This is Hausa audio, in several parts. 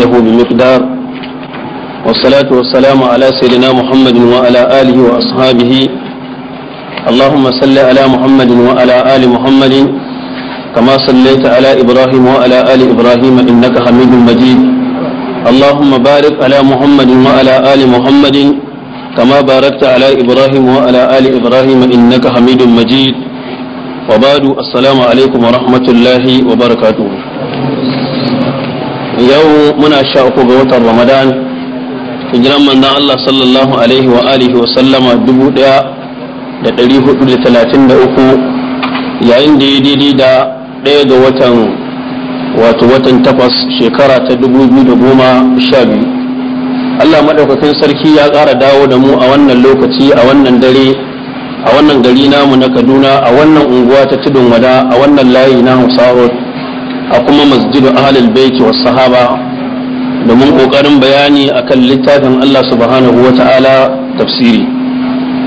له بمقدار والصلاة والسلام على سيدنا محمد وعلى آله وأصحابه اللهم صل على محمد وعلى آل محمد كما صليت على إبراهيم وعلى آل إبراهيم إنك حميد مجيد اللهم بارك على محمد وعلى آل محمد كما باركت على إبراهيم وعلى آل إبراهيم إنك حميد مجيد وبعد السلام عليكم ورحمة الله وبركاته yau muna sha uku ga watan ramadan hijiran manzan Allah sallallahu alaihi wa alihi wa sallama dubu daya da dari hudu da talatin da uku yayin da ya daidai da ɗaya ga watan wato watan takwas shekara ta dubu biyu da goma sha biyu Allah maɗaukakin sarki ya ƙara dawo da mu a wannan lokaci a wannan dare a wannan gari namu na kaduna a wannan unguwa ta tudun wada a wannan layi na hausawa a kuma masjidu ahalul baiti was sahaba domin kokarin bayani akan littafin Allah subhanahu wata'ala tafsiri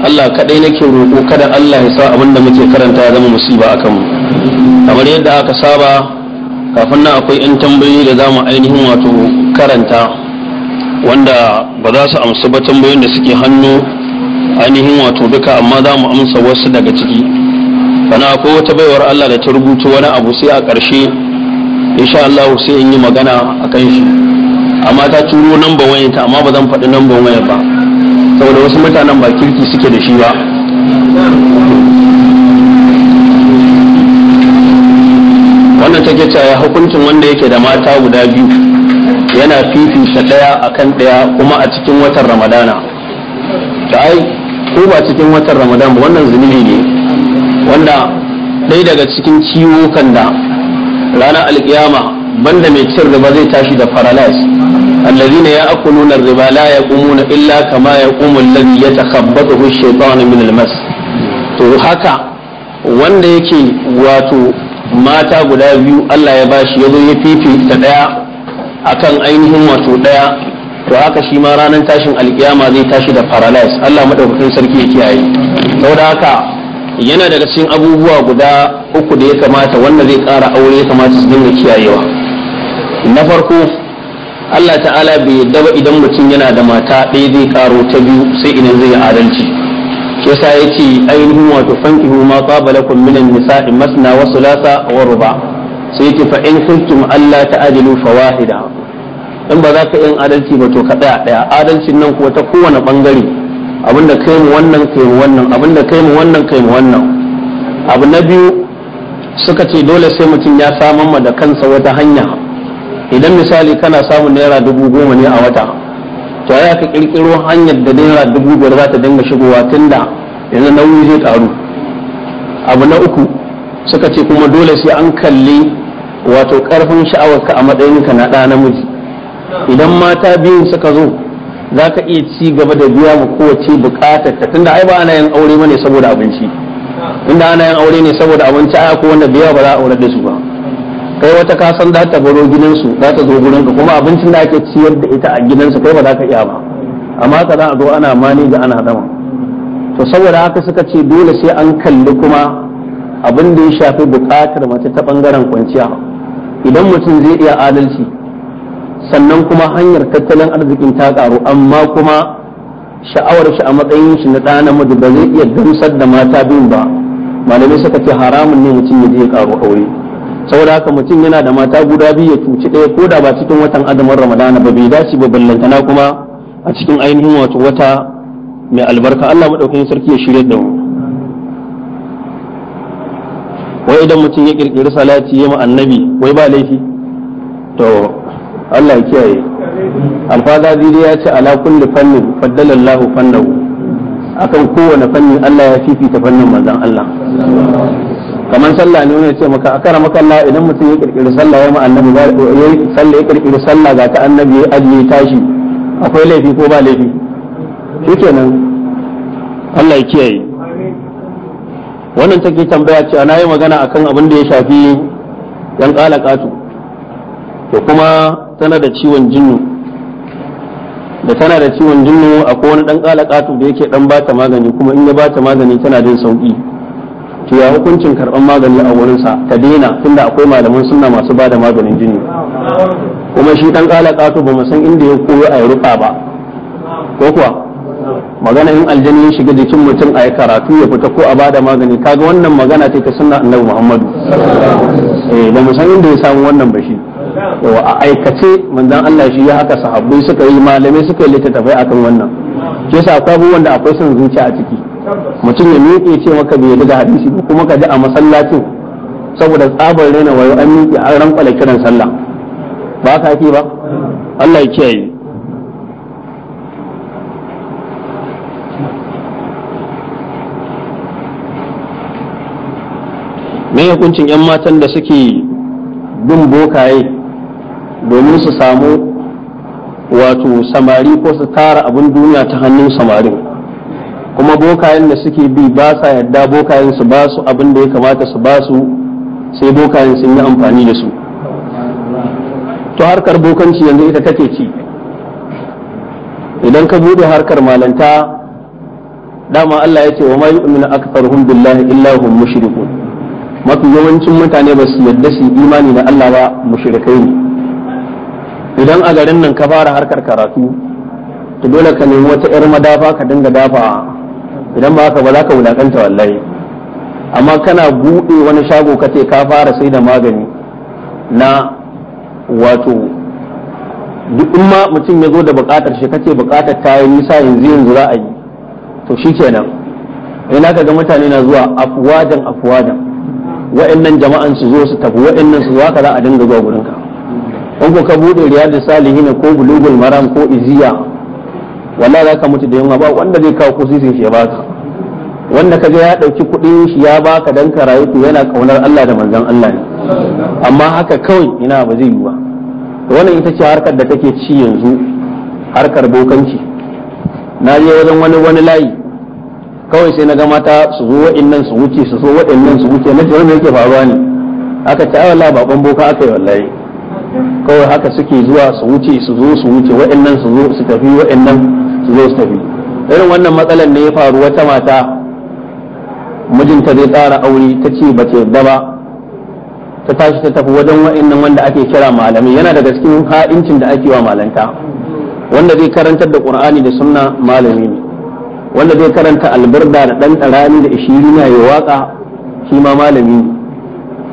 Allah kadai nake roƙo kada Allah ya sa abinda muke karanta zama musiba akan mu kamar yadda aka saba kafin nan akwai yan tambayoyi da zamu ainihin wato karanta wanda ba za su amsa ba tambayoyin da suke hannu ainihin wato duka amma zamu amsa wasu daga ciki bana akwai wata baiwar Allah da ta rubuta wani abu sai a ƙarshe insha Allah sai in yi magana a kan shi amma ta turo namba wayan ta amma ba zan faɗi namba waya ba saboda wasu mutanen ba kirki suke da shi ba wannan take ya hukuncin wanda yake da mata guda biyu yana fifita ɗaya kan ɗaya kuma a cikin watan ramadana da ai ko ba cikin watan ramadana ba wannan zunubi ne wanda ɗaya daga cikin ciwo kan da ranar alkiyama banda mai cin riba zai tashi da paralyze allazina ya'kuluna riba la yaqumuna illa kama yaqumu alladhi yatakhabbathu ash-shaytanu min al-mas to haka wanda yake wato mata guda biyu Allah ya bashi yazo ya fifita ɗaya akan ainihin wato ɗaya, to haka shi ma ranar tashin alƙiyama zai tashi da paralyze Allah madaukakin sarki ya kiyaye saboda haka yana daga cikin abubuwa guda uku da ya kamata wanda zai kara aure ya kamata su dinga kiyayewa na farko Allah ta'ala bai yadda ba idan mutum yana da mata ɗaya zai karo ta biyu sai idan zai yi adalci yasa ya ce ainihin wato fankihu ma kun minan nisa'i masna wa sulasa wa ruba sai yace fa in kuntum Allah ta'adilu fawahida in ba za ka yin adalci ba to ka ɗaya ɗaya adalcin nan kuwa ta kowane bangare abinda kai mu wannan kai mu wannan abinda kai mu wannan kai mu wannan abu na biyu suka ce dole sai mutum ya samun ma da kansa wata hanya idan misali kana samun naira dubu goma ne a wata to ya ka kirkiro hanyar da naira dubu biyar za ta dinga shigowa tunda yanzu nauyi zai karu abu na uku suka ce kuma dole sai an kalli wato karfin sha'awarka a ka na ɗa namiji idan mata biyun suka zo za ka iya ci gaba da biya mu kowace bukatar ta tunda ai ba ana yin aure mane saboda abinci tunda ana yin aure ne saboda abinci ai ko wanda biya ba za a aure da su ba kai wata ka san za ta baro gidansu za ta zo gurin ka kuma abincin da ake ciyar da ita a gidansu kai ba za ka iya ba amma ka za a zo ana mani da ana zama to saboda haka suka ce dole sai an kalli kuma abin da ya shafi bukatar mace ta bangaren kwanciya idan mutum zai iya adalci sannan kuma hanyar tattalin arzikin ta karu amma kuma sha'awar shi a matsayin shi na ɗa namiji ba zai iya gamsar da mata biyu ba malamai suka ce haramun ne mutum ya je ya karu aure saboda haka mutum yana da mata guda biyu ya cuci ɗaya ko da ba cikin watan azumin ramadana ba bai dace ba ballantana kuma a cikin ainihin wato wata mai albarka Allah maɗaukakin sarki ya shirya da mu wai idan mutum ya kirkiri salati ya annabi wai ba laifi to Allah ya kiyaye alfaza dai ya ce ala kulli fannin faddala Allahu fannahu akan kowane fanni Allah ya fifita fannin manzon Allah kamar sallah ne wani ce maka akara maka Allah idan mutum ya kirkiri sallah ya ma annabi ba ya sallah ya kirkiri sallah ga ta annabi ya ajiye tashi akwai laifi ko ba laifi shikenan Allah ya kiyaye wannan take tambaya ce ana yi magana akan abin da ya shafi yan kalakatu to kuma tana da ciwon jinnu da tana da ciwon jinnu akwai wani dan kalakatu da yake dan bata magani kuma in ya bata magani tana jin sauki to ya hukuncin karban magani a wurin sa ta daina tunda akwai malaman sunna masu bada maganin jinnu kuma shi dan kalakatu ba mu san inda ya koyo a ruka ba ko kuwa magana in aljani ya shiga jikin mutum a karatu ya fita ko a bada magani kaga wannan magana ce ta sunna annabi muhammadu eh ba mu san inda ya samu wannan ba shi wa a aikace manzon Allah shi ya haka sahabbai suka yi malamai suka yi littattafai akan wannan ke sa akwai abubuwan akwai son zuciya a ciki mutum ya miƙe ce maka bai yadda hadisi ba kuma ka ji a masallacin saboda tsabar raina wayo an miƙe an rankwala kiran sallah ba ka ake ba Allah ya kiyaye me hukuncin 'yan matan da suke bin bokaye domin su samu wato samari ko su tara abin duniya ta hannun samarin kuma bokayen da suke bi ba sa yadda bokayen su ba su abin da ya kamata su ba su sai bokayen sun yi amfani da su to harkar bokanci yanzu ita take ci idan ka bude harkar malanta dama Allah ya ce wa ma akfar aktharuhum billahi illa hum mushrikun mafi yawancin mutane ba su yadda su imani da Allah ba mushrikai ne idan a garin nan ka fara harkar karatu to dole ka nemi wata yar madafa ka dinga dafa idan ba haka ba za ka wulakanta wallahi amma kana buɗe wani shago ka ce ka fara sai da magani na wato duk in ma mutum ya zo da buƙatar shi kace buƙatar ta yi nisa yanzu yanzu za a yi to shi nan. ina ka ga mutane na zuwa afuwajen-afuwajen wa'annan jama'an su zo su tafi wa'annan su zuwa ka za a dinga zuwa gurinka in ko ka bude Salihi salihin ko bulugul maram ko iziya wallahi ka mutu da yunwa ba wanda zai kawo kusisin shi ya baka wanda ka je ya dauki kudin shi ya baka dan ka rayu to yana kaunar Allah da manzan Allah ne amma haka kawai ina ba zai yi ba wannan ita ce harkar da take ci yanzu harkar bokanci na je wajen wani wani layi kawai sai na ga mata su zo wa'annan su wuce su zo wa'annan su wuce na ce wannan yake faruwa ne aka ce ai wallahi baban boka aka yi wallahi kawai haka suke zuwa su wuce su zo su wuce wa'annan su zo su tafi wa'annan su zo su tafi irin wannan matsalar ne ya faru wata mata mijinta zai tsara aure ta ce ba ta yadda ba ta tashi ta tafi wajen wa'annan wanda ake kira malami yana daga cikin ha'incin da ake wa malanta wanda zai karantar da qur'ani da sunna malami ne wanda zai karanta albarda da dan karami da ishirina ya waka shi ma malami ne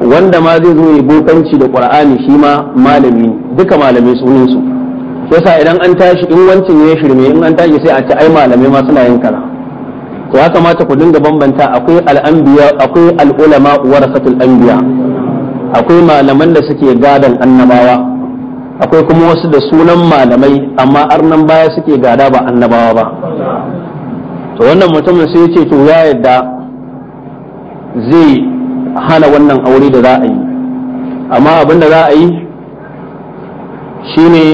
wanda ma zai zo ya bokanci da qur'ani shi ma malami duka malamai sunan su yasa idan an tashi in wancin ya shirme in an tashi sai a ce ai malamai ma suna yin kaza to ya kamata ku dinga bambanta akwai al'anbiya akwai al'ulama warasatul anbiya akwai malaman da suke gadan annabawa akwai kuma wasu da sunan malamai amma arnan baya suke gada ba annabawa ba to wannan mutumin sai ya ce to ya yadda zai a hana wannan aure da za a yi amma abin da za a yi shine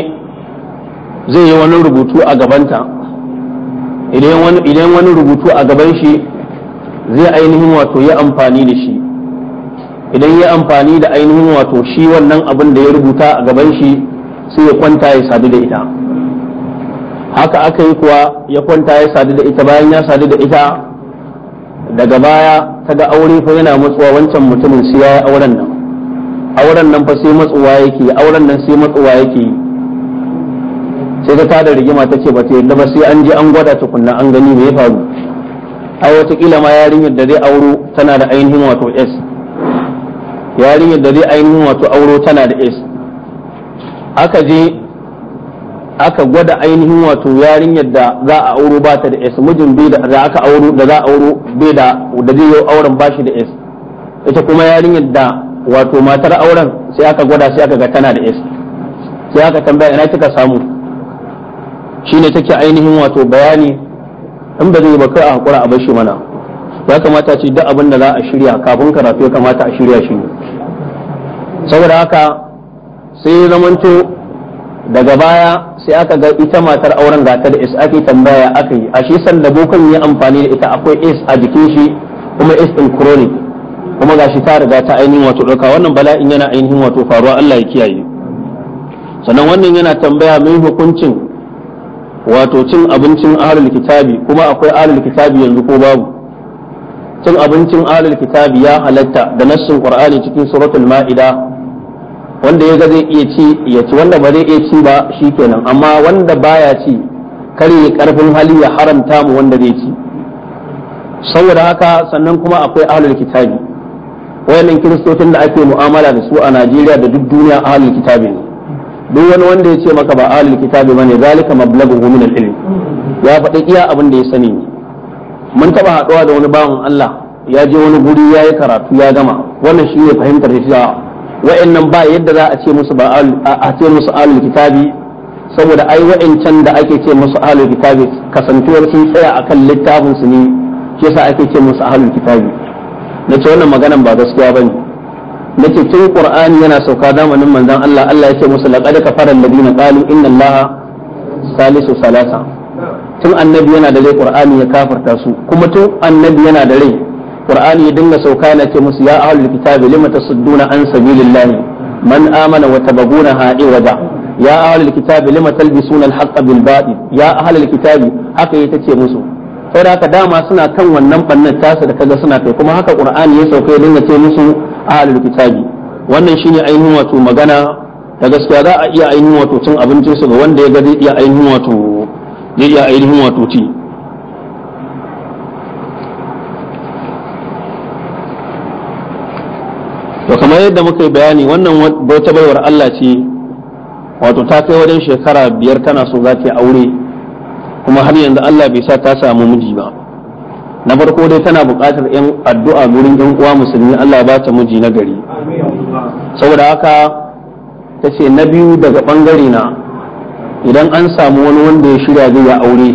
zai yi wani rubutu a gabanta idan wani rubutu a gaban shi zai ainihin wato yi amfani da shi idan ya amfani da ainihin wato shi wannan abin da ya rubuta a gaban shi sai ya kwanta ya sadu da ita haka aka yi kuwa ya kwanta ya sadu da ita bayan ya sadu da ita daga baya kaga aure fa yana matsuwa wancan mutumin shi ya auren nan auren nan fa sai matsuwa yake auren nan sai matsuwa yake sai ta tada rigima ta ce ba ta yadda ba sai an je an gwada tukunna an gani me ya faru a watakila ma yarinyar da zai auro tana da ainihin wato s yarinyar da zai ainihin wato auro tana da s aka je aka gwada ainihin wato yarinyar da za a auro ba ta da s mijin bai da aka auro da za a auro bai da da zai yi auren bashi da s ita kuma yarinyar da wato matar auren sai aka gwada sai aka ga tana da s sai aka tambaya ina kika samu shine take ainihin wato bayani in ba zai ba kai a hakura a bashi mana ya kamata ce duk abin da za a shirya kafin karatu ya kamata a shirya shi saboda haka sai zamanto daga baya sai aka ga ita matar auren ga ta da is ake tambaya aka yi ashe sanda bokan yi amfani da ita akwai is a jikin shi kuma is din chronic kuma ga shi ta riga ta ainihin wato dauka wannan bala'in yana ainihin wato faruwa Allah ya kiyaye sannan wannan yana tambaya mai hukuncin wato cin abincin ahlul kitabi kuma akwai ahlul kitabi yanzu ko babu cin abincin ahlul kitabi ya halatta da nassin qur'ani cikin suratul ma'ida wanda ya ga zai iya ci ya ci wanda ba zai iya ci ba shi kenan amma wanda baya ci kar yi karfin hali ya haramta mu wanda zai ci saboda haka sannan kuma akwai ahlul kitabi wayannan kiristocin da ake mu'amala da su a Najeriya da duk duniya ahlul kitabi ne duk wani wanda ya ce maka ba ahlul kitabi bane zalika mablaghu min al-ilm ya faɗi iya abin da ya sani ne mun taba haɗuwa da wani bawan Allah ya je wani guri ya yi karatu ya gama wannan shi ne fahimtar shi wa'annan ba yadda za a ce musu ba a ce musu alul kitabi saboda ai wa'ancan da ake ce musu alul kitabi kasantuwar sun tsaya akan littafin su ne shi yasa ake ce musu alul kitabi ce wannan maganan ba gaskiya bane nace tun qur'ani yana sauka zamanin manzon Allah Allah ya ce musu laqad kafara alladina qalu inna allaha salisu salasa tun annabi yana da rai qur'ani ya kafarta su kuma tun annabi yana da rai qur'ani ya dinga sauka yana ce musu ya ahlul kitabi lima tasudduna an sabilillahi man amana wa tabaguna ha'i waja ya ahlul kitabi lima talbisuna al-haqqa bil batil ya ahlul kitabi haka yake tace musu saboda haka dama suna kan wannan bannan tasa da kaga suna kai kuma haka qur'ani ya sauka ya dinga ce musu ahlul kitabi wannan shine ainihin wato magana da gaskiya za a iya ainihin wato cin abincin su ga wanda ya ga zai iya ainihin wato zai iya ainihin wato ci to kamar yadda muka yi bayani wannan bauta baiwar Allah ce wato ta kai wajen shekara biyar tana so za ta aure kuma har yanzu Allah bai sa ta samu miji ba na farko dai tana buƙatar yan addu'a gurin yan uwa musulmi Allah ya bata miji na gari saboda haka ta ce na biyu daga bangare na idan an samu wani wanda ya shirya zai ya aure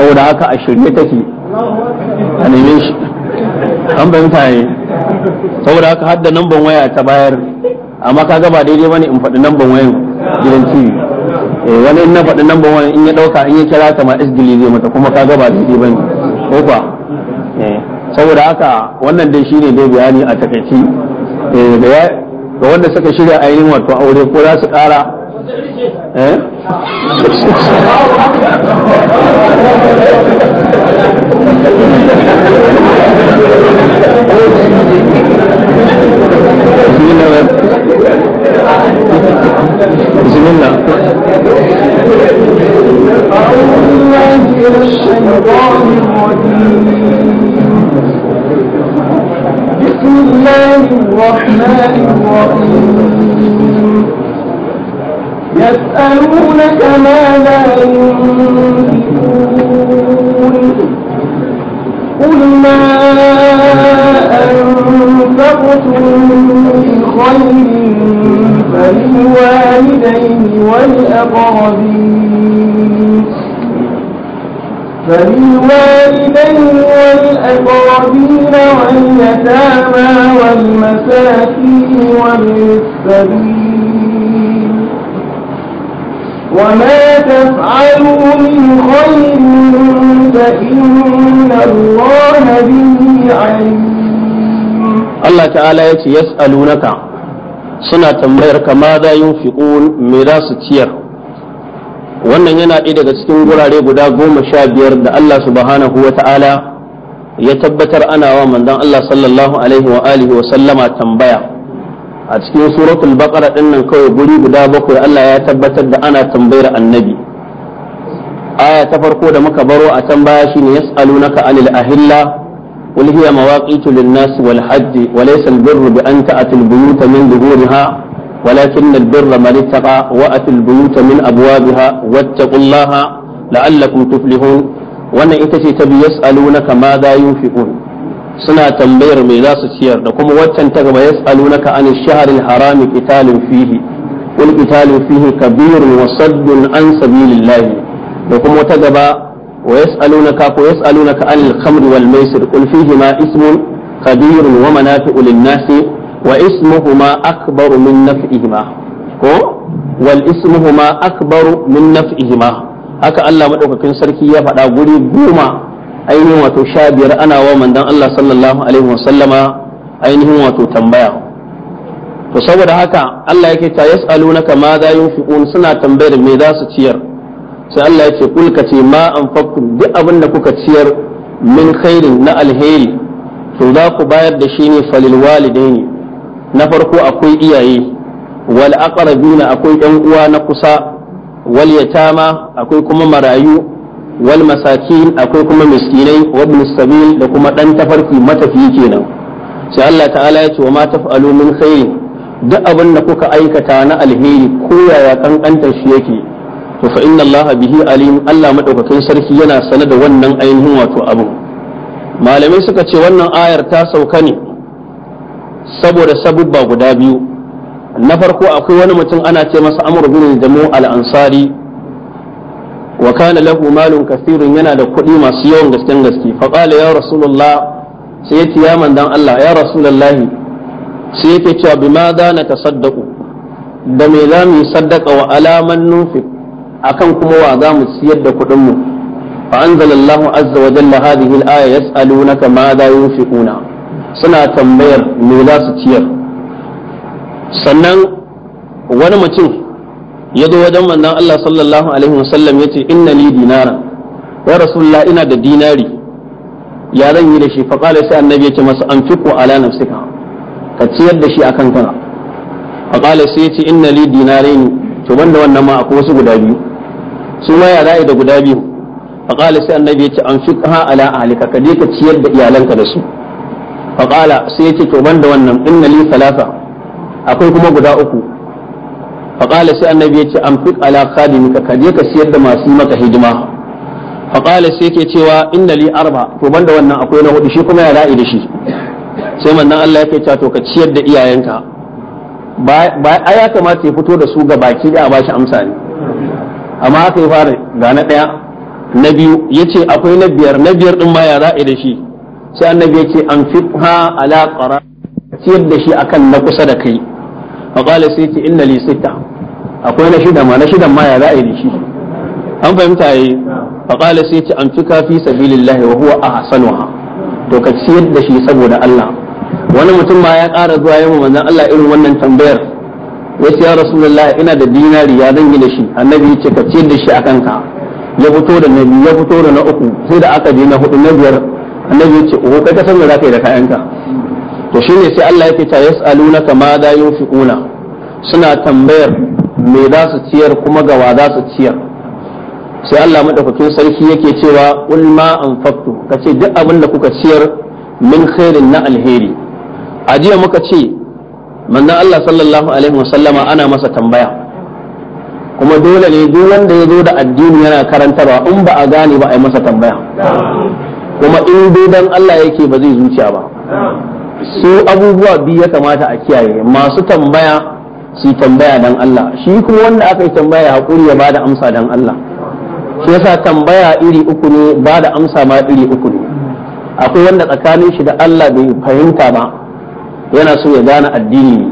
saboda haka a shirye take a neman shi an fahimta saboda haka hadda namban waya ta bayar amma ka gaba daidai bane in faɗi namban wayan gidan TV eh wani in na faɗi namban wayan in ya ɗauka in ya kira ta ma isgili zai mata kuma ka gaba daidai bane ko ba eh, saboda haka wannan dai shine dai bayani a takaici eh da ga wanda suka shirya ainihin wato aure ko za su ƙara eh بسم الله بسم الله بسم الله الرحمن الرحيم يسألونك ماذا ينفقون قل ما أنفقتم خير فللوالدين والأقربين فللوالدين والأقربين واليتامى والمساكين والسبيل وما تفعلوا من خير فإن الله به عليم Allah ta'ala ya ce yas'alunaka suna tambayar ka ma za yunfiqun me za su ciyar wannan yana ɗaya daga cikin gurare guda goma sha biyar da Allah subhanahu wa ta'ala ya tabbatar ana wa manzon Allah sallallahu alaihi wa alihi wa sallama tambaya a cikin suratul baqara din nan kawai guri guda bakwai Allah ya tabbatar da ana tambayar annabi aya ta farko da muka baro a can baya shine yas'alunaka anil ahilla قل هي مواقيت للناس والحج وليس البر بأن تأتي البيوت من ظهورها ولكن البر من اتقى وأتي البيوت من أبوابها واتقوا الله لعلكم تفلحون وانا اتشي تبي يسألونك ماذا ينفقون سنة تنبير ميلاس السير لكم واتنتقب يسألونك عن الشهر الحرام قتال فيه والقتال فيه كبير وصد عن سبيل الله لكم وتقبى ويسألونك ويسألونك عن الخمر والميسر قل فيهما اسم كبير ومنافع للناس واسمهما أكبر من نفعهما والاسمهما أكبر من نفعهما haka Allah maɗaukakin sarki ya faɗa guri goma ainihin wato sha biyar ana wa mandan Allah sallallahu alaihi wasallama ainihin wato tambaya to saboda haka Allah yake ta yas'alunaka ma za yunfiqun suna tambayar me za su ciyar sai Allah ya ce kul ka ce ma anfaqtum duk abin da kuka ciyar min khairin na alheri to za ku bayar da shi ne falil walidaini na farko akwai iyaye wal aqrabina akwai ɗan uwa na kusa wal yatama akwai kuma marayu wal masakin akwai kuma miskinai wa ibn sabil da kuma dan tafarki matafi kenan sai Allah ta'ala ya ce wa ma taf'alu min khairin duk abin da kuka aikata na alheri ko yaya kankanta shi yake to fa inna allaha bihi alim Allah madaukakin sarki yana sane da wannan ainihin wato abu malamai suka ce wannan ayar ta sauka ne saboda sabubba guda biyu na farko akwai wani mutum ana ce masa amr bin jamu al ansari wa kana lahu malun yana da kuɗi masu yawan gasken gaske fa qala ya rasulullah sai ya ya mandan Allah ya rasulullahi sai yake cewa bima za na tasaddaqu da me za mu yi saddaka wa alaman nufi akan kuma wa za mu siyar da kuɗin mu fa anzalallahu azza wa jalla hadhihi al-aya yas'alunaka ma za yunfiquna suna tambayar me za su ciyar sannan wani mutum ya zo wajen manzon Allah sallallahu alaihi wa wasallam yace inna li dinara wa rasulullah ina da dinari ya zan yi da shi fa qala sai annabi yace masa anfiqu ala nafsika ka ciyar da shi akan kana fa qala sai yace inna li dinarain to banda wannan ma akwai wasu guda biyu su ma ya ra'ayi da guda biyu faqala sai annabi ya ce an fiqha ala ahlika ka je ka ciyar da iyalanka da su faqala sai ya ce to banda wannan inna li salasa akwai kuma guda uku faqala sai annabi ya ce an fiq ala khadimika ka je ka ciyar da masu maka hidima faqala sai yake cewa inna li arba to banda wannan akwai na hudu shi kuma ya ra'ayi da shi sai manzon Allah ya ce to ka ciyar da iyayenka ba ya kamata ya fito da su ga baki da a bashi amsa ne amma aka yi fara ga na ɗaya na biyu ya ce akwai na biyar na biyar ɗin baya za a yi da shi sai annabi ya ce an fi ha ala ƙara ciyar da shi akan na kusa da kai a ƙwale sai ce inna li sita akwai na shida ma na shidan ma ya za da shi an fahimta yi a ƙwale sai ce an fi kafi sabilillahi wa huwa wa. to ka ciyar da shi saboda Allah wani mutum ma ya ƙara zuwa yamma manzon Allah irin wannan tambayar yace ya rasulullah ina da dinari ya zan yi da shi annabi ya ce ka ciyar da shi a kanka ya fito da ya fito da na uku sai da aka je na hudu na biyar annabi ya ce o kai ka san me zaka yi da kayanka to shine sai Allah yake ta yas'alunaka ma da yunfiquna suna tambayar me za su ciyar kuma ga wa za su ciyar sai Allah madaukakin sarki yake cewa ulma ma anfaqtu kace duk abin da kuka ciyar min khairin na alheri a jiya muka ce manna Allah sallallahu alaihi wasallama ana masa tambaya kuma dole ne duk wanda ya zo da addini yana karantarwa in ba a gane ba a yi masa tambaya kuma in dai Allah yake ba zai zuciya ba su abubuwa biyu ya kamata a kiyaye masu tambaya su tambaya dan Allah shi kuma wanda aka yi tambaya hakuri ya bada amsa dan Allah shi yasa tambaya iri uku ne bada amsa ma iri uku ne akwai wanda tsakanin shi da Allah bai fahimta ba yana so ya gane addini ne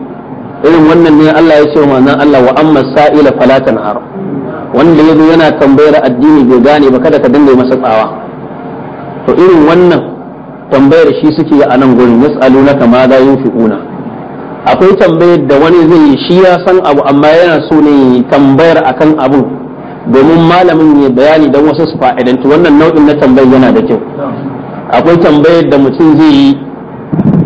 irin wannan ne Allah ya ce wa manzon Allah wa amma sa'ila falatan tanhar wanda yazo yana tambayar addini bai gane ba kada ka dinga masa tsawa to irin wannan tambayar shi suke a nan gurin na ma za yunfiquna akwai tambayar da wani zai yi shi ya san abu amma yana so ne tambayar akan abu domin malamin ya bayani don wasu su fa'idantu wannan nau'in na tambayar yana da kyau akwai tambayar da mutum zai yi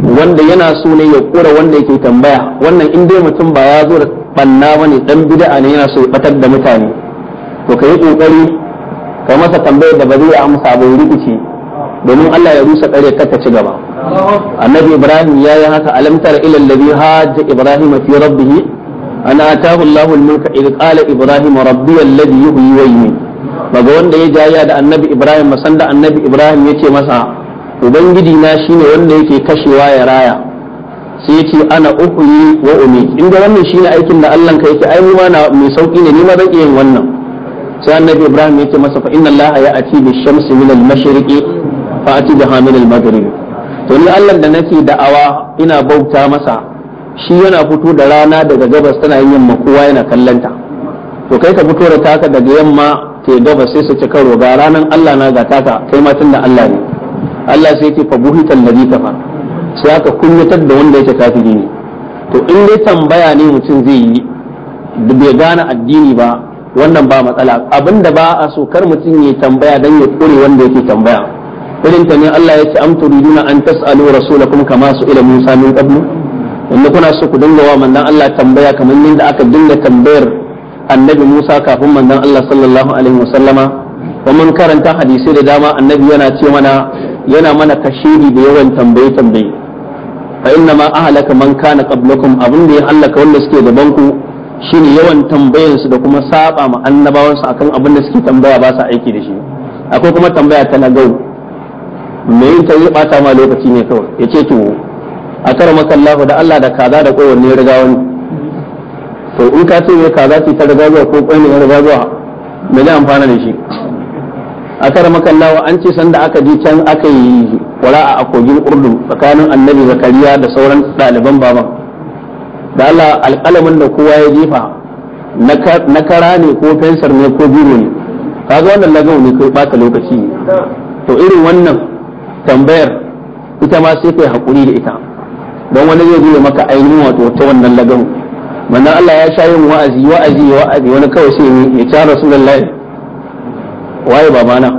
wanda yana so ne ya kura wanda yake tambaya wannan in dai mutum ba ya zo da banna bane dan bid'a ne yana so ya batar da mutane to yi kokari ka masa tambayar da ba zai amsa ba rikici domin Allah ya rusa kare ka ta ci gaba annabi ibrahim ya yi haka alam tara ila alladhi hajja ibrahim fi rabbih ana atahu Allahu al idh qala ibrahim rabbi alladhi yuhyi wa yumiit daga wanda ya jaya da annabi ibrahim sanda annabi ibrahim yace masa ubangiji na shine wanda yake kashewa ya raya sai yace ana uhyi wa umi in ga wannan shine aikin da Allah ka yake ai mu ma na mai sauki ne ni ma zan iya wannan sai annabi Ibrahim yake masa fa inna allaha ya bi shamsi min al mashriqi fa ati biha min al maghrib to ni Allah da nake da'awa ina bauta masa shi yana fito da rana daga gabas tana yin yamma kowa yana kallanta to kai ka fito da taka daga yamma ke gabas sai su ci karo ga ranan Allah na ga taka kai ma tunda Allah ne Allah sai ce fa buhital ladhi kafar sai aka kunyatar da wanda yake kafiri ne to in dai tambaya ne mutum zai yi bai gane addini ba wannan ba matsala abinda ba a so kar mutum ya tambaya dan ya kore wanda yake tambaya irin ta ne Allah ya ce am turiduna an tasalu rasulakum kama su ila Musa min qablu wanda kuna so ku dinga wa manzon Allah tambaya kamar yadda aka dinga tambayar annabi Musa kafin manzon Allah sallallahu alaihi wasallama wa mun karanta hadisi da dama annabi yana ce mana yana mana kashiri da yawan tambaye tambaye fa inna ma ahlaka man kana qablakum abin da ya halaka wanda suke gaban ku shine yawan tambayan su da kuma saba ma annabawan su akan abin da suke tambaya ba sa aiki da shi akwai kuma tambaya ta lagau me yin ta zai bata ma lokaci ne kawai yace to a tara maka Allah da Allah da kaza da kowa ne riga wani to in ka ce me kaza ce ta riga zuwa ko koi ne riga zuwa me zai amfana da shi a tara wa an ce sanda aka je can aka yi wara'a a kogin urdu tsakanin annabi zakariya da sauran ɗaliban baban da Allah alƙalamin da kowa ya jefa na kara ne ko fensar ne ko biro ne kaga wannan lagau ne kai baka lokaci to irin wannan tambayar ita ma sai kai hakuri da ita don wani zai zo maka ainihin wato ta wannan lagau manzon Allah ya sha yin wa'azi wa'azi wa'azi wani kawai sai ya sunan layin. waye babana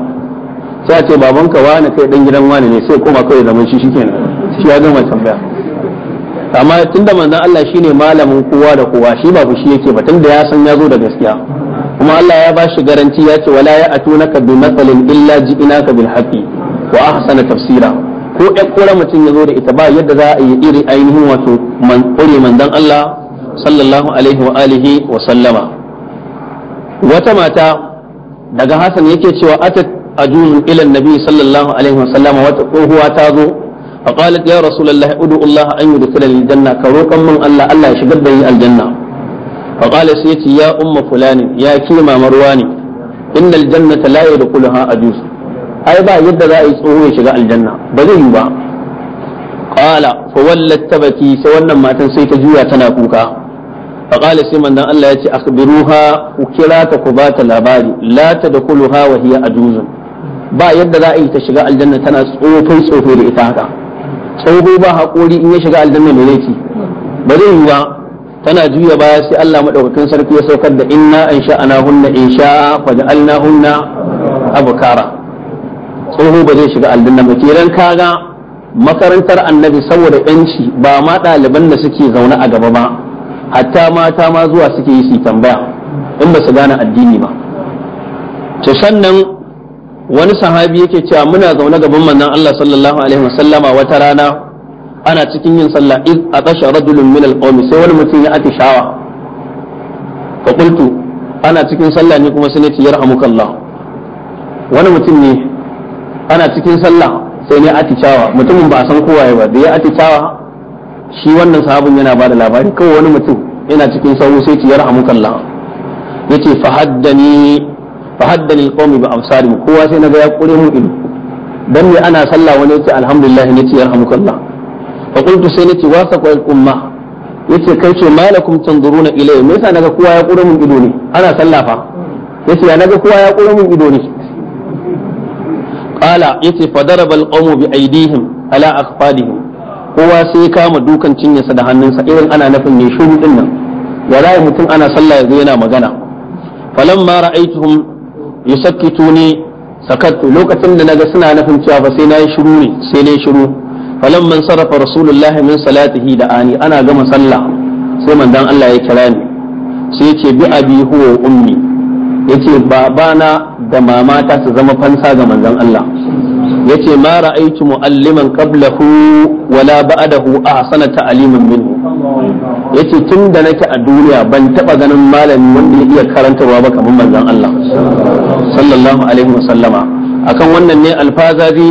sai a ce babanka wani kai dan gidan wani ne sai koma kai zaman shi shikenan shi ya gama tambaya amma tunda manzon Allah shine malamin kowa da kowa shi ba shi yake ba tunda ya san ya zo da gaskiya kuma Allah ya bashi garanti ya ce wala ya atunaka bi matsalin illa ji'inaka bil haqqi wa ahsana tafsira ko ɗan kora mutum ya zo da ita ba yadda za a yi iri ainihin wato man kore manzon Allah sallallahu alaihi wa alihi wa sallama wata mata daga ya yake cewa atat ajuzun ila annabi sallallahu alaihi wasallam wata tsohuwa ta zo fa qalat ya rasulullahi ud'u Allah an yudkhilani aljanna ka roƙan min Allah Allah ya shigar da ni aljanna fa qala sai yace ya umma fulani ya ki mamarwa ne innal jannata la yadkhuluha ajuz ai ba yadda za a yi tsoho ya shiga aljanna ba zai yi ba qala fa wallat tabaki sai wannan matan sai ta juya tana kuka فقال سيما أن الله يأتي أخبروها وكلا كبات الأباري لا تدخلها وهي أجوز با يد لا أي تشغى الجنة تناس أوفي سوفي لإتاكا سوفي با حقولي إن يشغى الجنة مليتي بدين هو تنا جوية باسي الله مدعوك كنسر كي يسوكد إنا أنشأناهن إنشاء فجعلناهن أبكارا صوفي بدين شغى الجنة مكيرا كاغا makarantar annabi saboda yanci ba ma ɗaliban da suke zaune a gaba ba hatta mata ma zuwa suke yi su tambaya in ba su gane addini ba to sannan wani sahabi yake cewa muna zaune gaban manzon Allah sallallahu alaihi wasallama wata rana ana cikin yin sallah iz atasha rajulun min alqawmi sai wani mutum ya atishawa fa qultu ana cikin sallah ne kuma sai ne yarhamukallah wani mutum ne ana cikin sallah sai ne atishawa mutumin ba san kowaye ba da ya atishawa shi wannan sahabin yana ba da labari kawai wani mutum yana cikin sauri, sai Ya ce yarhamukallah yace fahaddani fahaddani alqawmi bi absarim kowa sai naga ya kure mu ido dan ne ana sallah wani ya yace alhamdulillah yace yarhamukallah fa qultu sai ci nace wasaqa al-umma Ya ce kai ce malakum tanzuruna ilayya me yasa naga kowa ya kure mu ido ne ana sallah fa ce ya naga kowa ya kure mu ido ne qala yace fadaraba alqawmu bi aydihim ala aqfadihim kowa sai ya kama dukan cinyarsa da hannunsa irin ana nufin ne shuru din nan ya rayu mutum ana sallah yanzu yana magana falamma ra'aytuhum tuni sakattu lokacin da naga suna nufin cewa ba sai na yi shiru ne sai na nayi shiru man sarafa rasulullahi min salatihi da ani ana gama sallah sai manzon Allah ya kira ni sai ce bi abi huwa ummi yace babana da mamata su zama fansa ga manzon Allah yace ma ra'aytu mu'alliman qablahu wala ba'dahu ahsana ta'liman minhu yace tun da nake a duniya ban taba ganin malami wanda ya iya karantarwa ba kamar manzon Allah sallallahu alaihi wasallama akan wannan ne alfazazi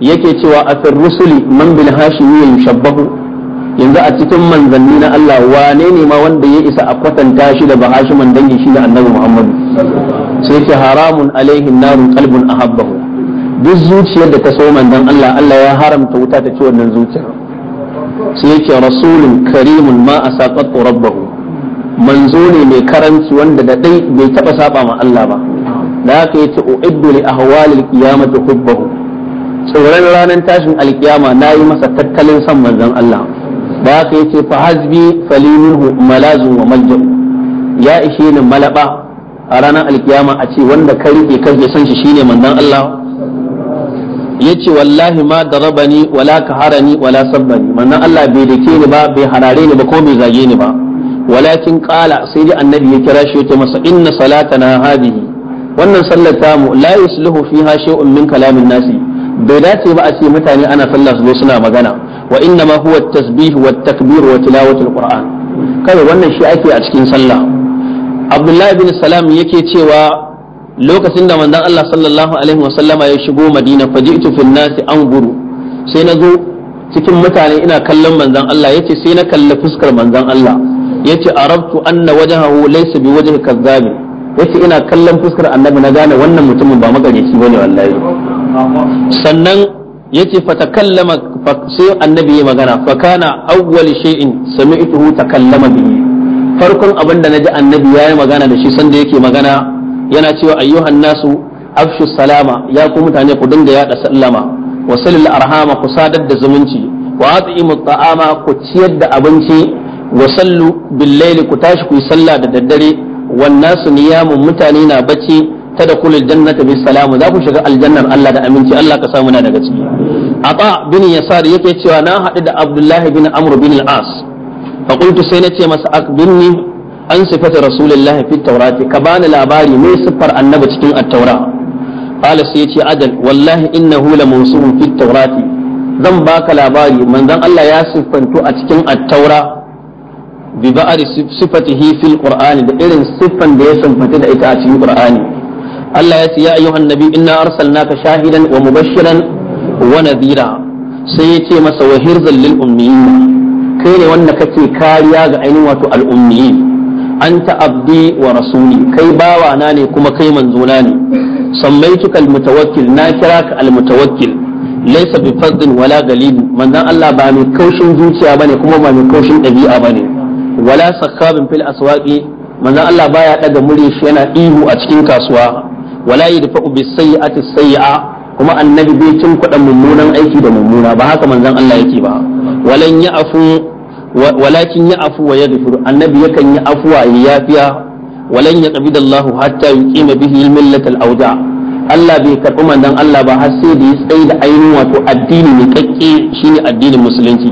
yake cewa a rusuli man bil hashimi yushabbahu yanzu a cikin manzanni na Allah wane ne ma wanda ya isa a kwatanta shi da bahashiman dangin shi da annabi Muhammad sai ce haramun alaihin narun qalbun ahabbahu duk zuciyar da ta so manzon Allah Allah ya haramta wuta ta ci wannan zuciyar sai yake rasulun karimun ma a saƙaƙo rabbahu manzo ne mai karanci wanda da ɗai bai taɓa saba ma Allah ba da haka yace uiddu li ahwalil qiyamati hubbahu tsoron ranar tashin alkiyama yi masa tattalin san manzon Allah da haka ce fa hasbi faliminhu Malazun wa malja'u ya ishe ni malaba a ranar alkiyama a ce wanda ka rike kake son shi shine manzon Allah yace wallahi ma darabani wala kaharani wala sabbani manzon Allah bai dake ni ba bai harare ni ba ko bai zage ni ba walakin qala sai dai annabi ya kira shi yace masa inna salatana habihi. wannan sallar tamu la yusluhu fiha shay'un min kalamin nasi bai dace ba a ce mutane ana sallah su zo suna magana wa inna ma huwa tasbih wa takbir wa tilawatul qur'an kai wannan shi ake a cikin sallah abdullahi bin salam yake cewa lokacin da manzon Allah sallallahu alaihi wasallama ya shigo Madina faji'tu fil nasi anguru sai na zo cikin mutane ina kallon manzon Allah yace sai na kalli fuskar manzon Allah yace arabtu anna wajhahu laysa bi wajhi kazzabi yace ina kallon fuskar annabi na gane wannan mutumin ba magareci bane wallahi sannan yace fatakallama sai annabi ya magana fa kana awwal shay'in sami'tuhu takallama bihi farkon abin da naji annabi ya yi magana da shi sanda yake magana yana cewa ayyuhan nasu afshu salama ya ku mutane ku dinga yada sallama wa silil arhama ku sadar da zumunci wa at'imu ta'ama ku ciyar da abinci wa sallu bil ku tashi ku yi sallah da daddare wan nasu niyamun mutane na bacci tadkhulu jannata bis salamu za ku shiga aljannar Allah da aminci Allah ka samu na daga ciki ata bin yasar yake cewa na haɗu da abdullahi bin amr bin al-as fa qultu sai nace masa akbirni an sifata rasulullahi fit taurati ka bani labari mai siffar annabi cikin at-taura qala sai yace adal wallahi innahu la hula fit taurati zan baka labari manzon Allah ya siffantu a cikin at-taura bi ba'ri sifatihi fil qur'ani da irin siffan da ya siffanta da ita a cikin qur'ani Allah ya ce ya ayyuhan nabi inna arsalnaka shahidan wa mubashiran wa nadhira sai yace masa wahirzan lil ummiyin kai ne wanda kake kariya ga ainihin wato al-ummiyin anta abdi wa rasuli kai bawa na ne kuma kai manzona ne sammaituka almutawakkil na kira ka almutawakkil laysa bi fadl wala galib manzon Allah ba mai kaushin zuciya bane kuma ba mai kaushin dabi'a bane wala sakkabin fil aswaqi manzon Allah baya daga murya shi yana ihu a cikin kasuwa wala yadfa'u bis sayyi'ati sayyi'a kuma annabi bai cin kuɗin mummunan aiki da mummuna ba haka manzon Allah yake ba walan ya'fu walakin ya afu wa yaghfir annabi yakan yi afuwa ya yafiya walan yaqbid Allah hatta yuqima bihi al Allah bai karɓi mandan Allah ba har sai da ya tsaye da ainihin wato addini mai kakke shine addinin musulunci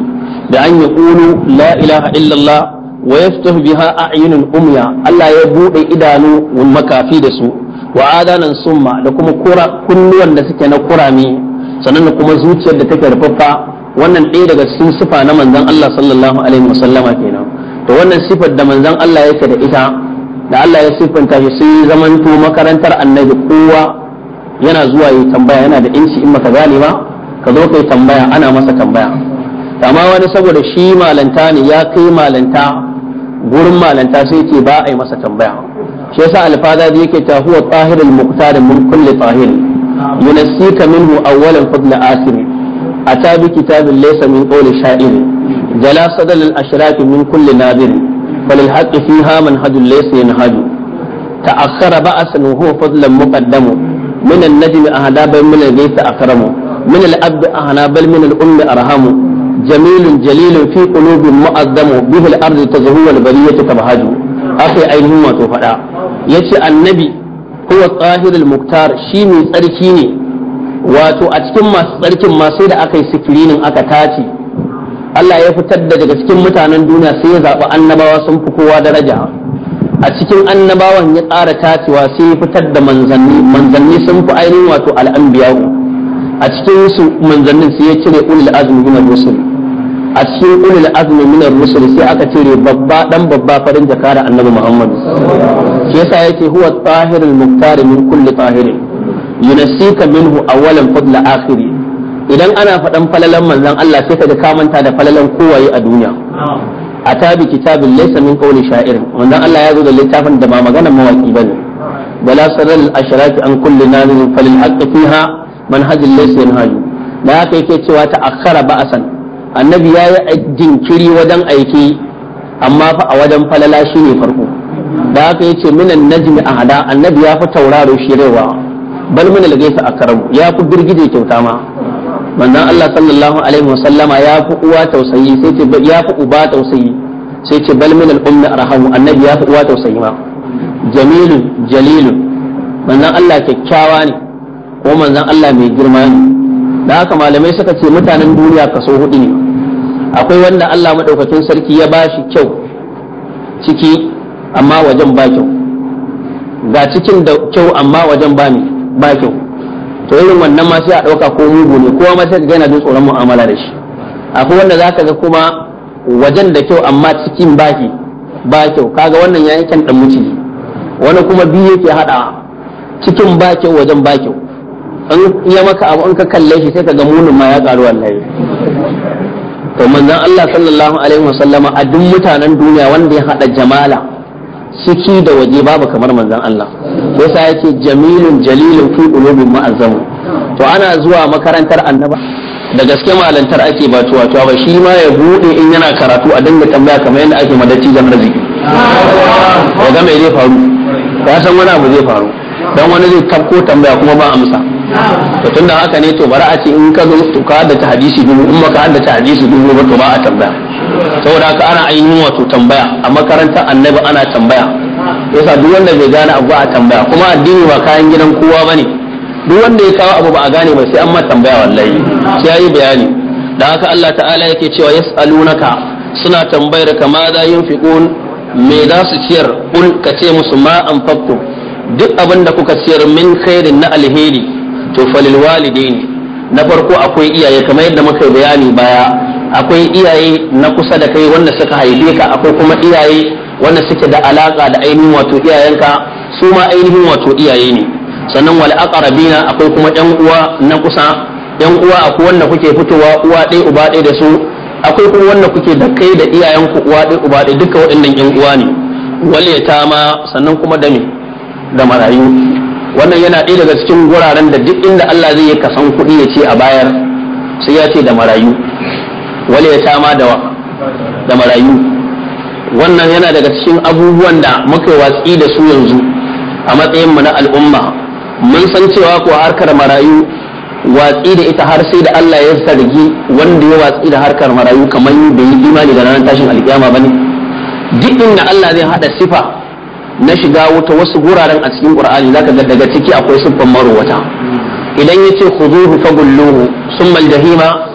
da an ya qulu la ilaha illallah wa yaftahu biha a'yunul umya Allah ya bude idanu makafi da su wa adanan summa da kuma kura kunnuwan da suke na kurame sannan da kuma zuciyar da take rufaffa wannan ɗaya daga cikin sifa na manzan Allah sallallahu alaihi wasallama kenan to wannan sifar da manzan Allah yake da ita da Allah ya siffanta shi sai zamanto makarantar annabi kowa yana zuwa yi tambaya yana da inci in maka gane ba ka zo ka yi tambaya ana masa tambaya amma wani saboda shi malanta ne ya kai malanta gurin malanta sai ke ba a yi masa tambaya shi yasa alfada da yake ta huwa tahirul muqtar min kulli tahir yunassika minhu awwalan fadla asiri ata bi kitabin laysa min qawli sha'ir jala sadal al ashraf min kulli nabir falil haqqi fiha manhajul laysa yanhaju ta'akhkhara ba'san wa huwa fadlan muqaddamu min an najmi ahada bal min al ghayth akramu من الأب أهنا بل من الأم أرحم جميل جليل في قلوب مؤذم به الأرض تزهو البرية تبهج أخي أينهما تفعل يتي النبي هو الطاهر المختار شيني تركيني wato a cikin masu tsarkin ma sai da aka yi sifirinin aka tace Allah ya fitar da daga cikin mutanen duniya sai ya zaɓi annabawa sun fi kowa daraja a cikin annabawan ya ƙara tacewa sai ya fitar da manzanni manzanni sun fi ainihin wato al'ambiya. a cikin su manzannin sai ya cire ulul azumi min rusul a cikin ulul azumi min rusul sai aka cire babba dan babba farin jaka da annabi Muhammad shi yasa yake huwa tahirul muktar min kulli tahirin yunasika minhu awwalan fadla akhiri idan ana faɗan falalan manzon Allah sai kaga ka manta da falalan kowaye a duniya a tabi kitabin laysa min qawli sha'irin manzon Allah ya zo da littafin da ba maganar mawaki bane bala saral ashraki an kulli nazirin falil haqqi fiha manhajin laysa yanhaju da haka yake cewa ta akhara ba'asan annabi ya yi jinkiri wajen aiki amma fa a wajen falala shine farko da haka yace minan najmi ahada annabi ya fi tauraro shirewa bal min al-gaisa akram ya fi girgije kyauta ma manzon Allah sallallahu alaihi wasallama ya fi uwa tausayi sai ce ya fi uba tausayi sai ce bal min al arhamu annabi ya fi uwa tausayi ma Jamilu, Jalilu, manzon Allah kyakkyawa ne ko manzon Allah mai girma ne da haka malamai suka ce mutanen duniya kaso hudu ne akwai wanda Allah madaukakin sarki ya bashi kyau ciki amma wajen ba kyau ga cikin da kyau amma wajen ba ne ba kyau to irin wannan ma sai a ɗauka ko mugu ne kowa ma sai ka gaina jin tsoron mu'amala da shi akwai wanda za ka ga kuma wajen da kyau amma cikin baki ba kyau kaga wannan ya yi kyan ɗan wani kuma biyu yake haɗa cikin ba wajen ba kyau in ya maka abu in ka kalle shi sai ka ga munin ma ya ƙaru wallahi to manzon Allah sallallahu alaihi wasallama a duk mutanen duniya wanda ya haɗa jamala ciki da waje babu kamar manzan Allah sa yake jamilun jalilun fi qulubin to ana zuwa makarantar annaba da gaske malantar ake ba to tuwa ba shi ma ya bude in yana karatu a dinga tambaya kamar yadda ake madaci da arziki ga mai zai faru ya san wani abu zai faru dan wani zai tafko tambaya kuma ba amsa to tunda haka ne to bara a ce in ka zo to ka ta hadisi dubu in maka ta hadisi dubu ba to ba a tambaya saboda haka ana ainihin wato tambaya a makarantar annabi ana tambaya yasa duk wanda bai gane abu a tambaya kuma addini ba kayan gidan kowa bane duk wanda ya kawo abu ba a gane ba sai an ma tambaya wallahi sai yayi bayani da haka Allah ta'ala yake cewa yas'alunaka suna tambayar ka ma za yunfiqun me za su ciyar kun ka ce musu ma anfaqtum duk abin da kuka ciyar min khairin na alheri to falil walidaini na farko akwai iyaye kamar yadda muka bayani baya akwai iyaye na kusa da kai wanda suka haife ka akwai kuma iyaye wanda suke da alaka da ainihin wato iyayenka su ma ainihin wato iyaye ne sannan wal aqrabina akwai kuma yan uwa na kusa yan uwa akwai wanda kuke fitowa uwa ɗaya uba ɗaya da su akwai kuma wanda kuke da kai da iyayenku uwa ɗaya uba ɗaya duka waɗannan yan uwa ne wal yatama sannan kuma da me da marayu wannan yana ɗaya daga cikin guraren da duk inda Allah zai yi kasan kuɗi ya ce a bayar sai ya ce da marayu ya sha da da marayu wannan yana daga cikin abubuwan da muka watsi da su yanzu a matsayin mu na al'umma mun san cewa ko harkar marayu watsi da ita har sai da Allah ya zargi wanda ya watsi da harkar marayu kamar da yi imani da ranar tashin ba bane duk inda Allah zai hada sifa na shiga wuta wasu guraren a cikin qur'ani zaka ga daga ciki akwai siffan marowata idan yace khuduhu fagulluhu summa al-jahima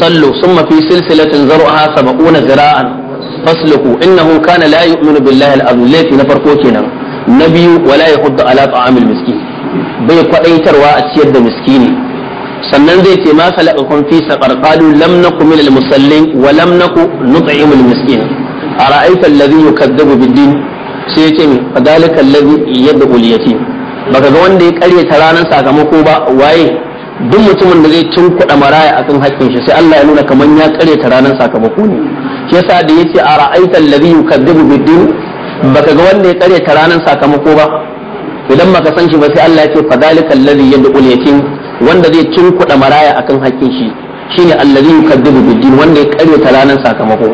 sallu summa fi silsilatin zar'uha 70 zira'an fasluhu innahu kana la yu'minu billahi al laifi na farko kenan na biyu wala yahuddu ala ta'amil miskin bai kwadaitarwa a ciyar da miskini sannan zai ce ma khalaqakum fi saqar qalu lam nakum min musallin wa lam naku nut'imu al-miskin ara'aita alladhi yukaddabu bid-din sai ya ce mi fadalika alladhi yad'u al-yatim baka ga wanda ya karya ta ranar sakamako ba waye duk mutumin da zai cin kuɗa maraya akan haƙƙin shi sai Allah ya nuna kaman ya kare ta ranar sakamako ne shi yasa da yace a ra'aita allazi yukadzibu bid baka ga wanda ya kare ta ranar sakamako ba idan baka san shi ba sai Allah ya ce fadhalika allazi yad'ul yatim wanda zai cin kuɗa maraya akan haƙƙin shi shine allazi yukadzibu kadibu din wanda ya kare ta ranar sakamako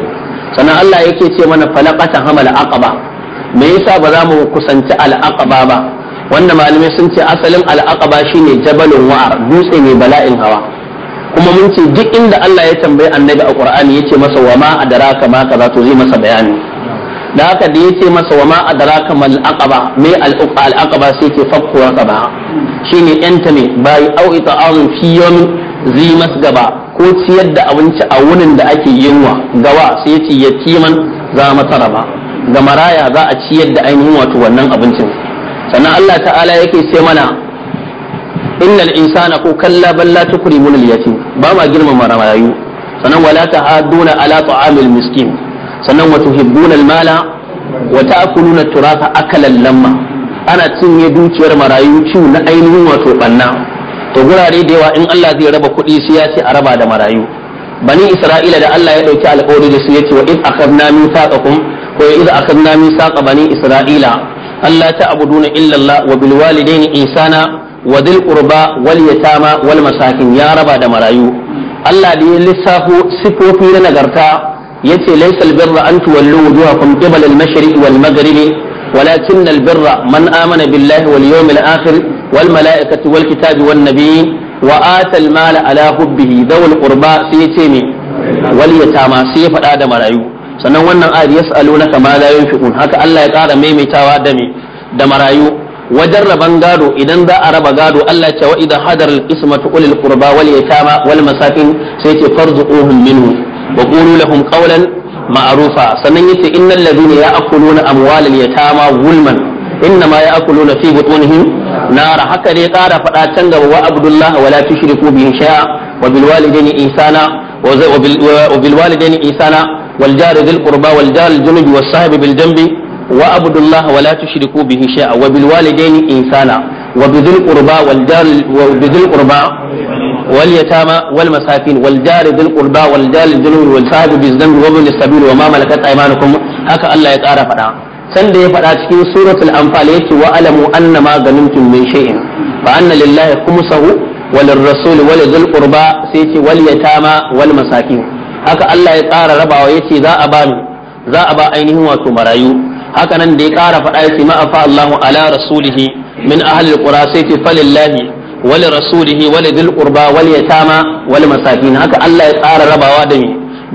sannan Allah yake ce mana falaqata hamal aqaba me yasa ba za mu kusanci al-aqaba ba wanda malamai sun ce asalin al'aqaba shine jabalin wa'ar dutse mai bala'in hawa kuma mun ce duk inda Allah ya tambayi annabi a Qur'ani yace masa wa ma adraka ma kaza to zai masa bayani da haka da yace masa wa ma adraka mal aqaba me al aqaba sai ke fakku aqaba shine yanta ne bai au ita'am fi yawmin zi masgaba ko ciyar da abinci a wurin da ake yinwa gawa sai ya ce yatiman za masa raba ga maraya za a ciyar da ainihin wato wannan abincin sannan Allah ta'ala yake sai mana innal insana ko kalla balla tukrimun al-yatim ba ma girmama marayu. sannan wala ta'aduna ala ta'amil miskin sannan wa tuhibbuna al-mala wa ta'kuluna turatha akalan lamma ana cinye dukiyar marayu ciwo na ainihin wato banna to gurare da yawa in Allah zai raba kuɗi sai ya ce a raba da marayu bani isra'ila da Allah ya ɗauki alƙawari da su yace wa id akhadna mithaqakum ko id akhadna mithaqa bani isra'ila Allah ta'buduna illa Allah wa bil walidaini ihsana wa dhil qurba wal yatama wal masakin ya raba da marayu Allah da ya lissafo sifofi na nagarta yace laysal birra an tuwallu wujuhakum qibala al mashriqi wal maghribi walakin al birra man amana billahi wal yawmil akhir wal malaikati wal kitabi wan nabiyyin wa ata al mala ala hubbihi dhawil qurba sai yace me wal yatama sai ya fada da marayu sannan wannan na kama ma la yunfiqun haka Allah ya ƙara maimaitawa da me da marayu wajen raban gado idan za a raba gado Allah ce wa idan hadar al-qismatu ulil qurba wal yatama wal masakin sai ce farzuquhum minhu wa qulu lahum qawlan ma'rufa sannan yace innal ladhina ya'kuluna amwalal yatama zulman inna ma ya fi butunihim nara haka dai kara fada can gaba wa abdullah wa la tushriku bihi shay'a wa wa wal jari dhil qurba wal jari jambi wa abdullahi wa la tushriku bihi shay'a wa bil walidaini insana wa bidhil qurba wal jari wa wal yatama wal masakin wal jari wal jari junubi wal sahibi jambi wa bil sabil wa ma malakat aymanukum haka Allah ya kara fada Sanda ya faɗa cikin suratul anfal yake wa alamu annama ganimtum min shay'in fa anna lillahi khumsahu وللرسول ولذي القربى سيتي واليتامى والمساكين haka Allah ya ƙara rabawa ce za a ba za a ba ainihin wato marayu haka nan da ya ƙara faɗa yace ma afa Allahu ala rasulihi min ahli alqura sai fi falillahi wal rasulihi wal dhil qurba wal yatama wal masakin haka Allah ya tsara rabawa da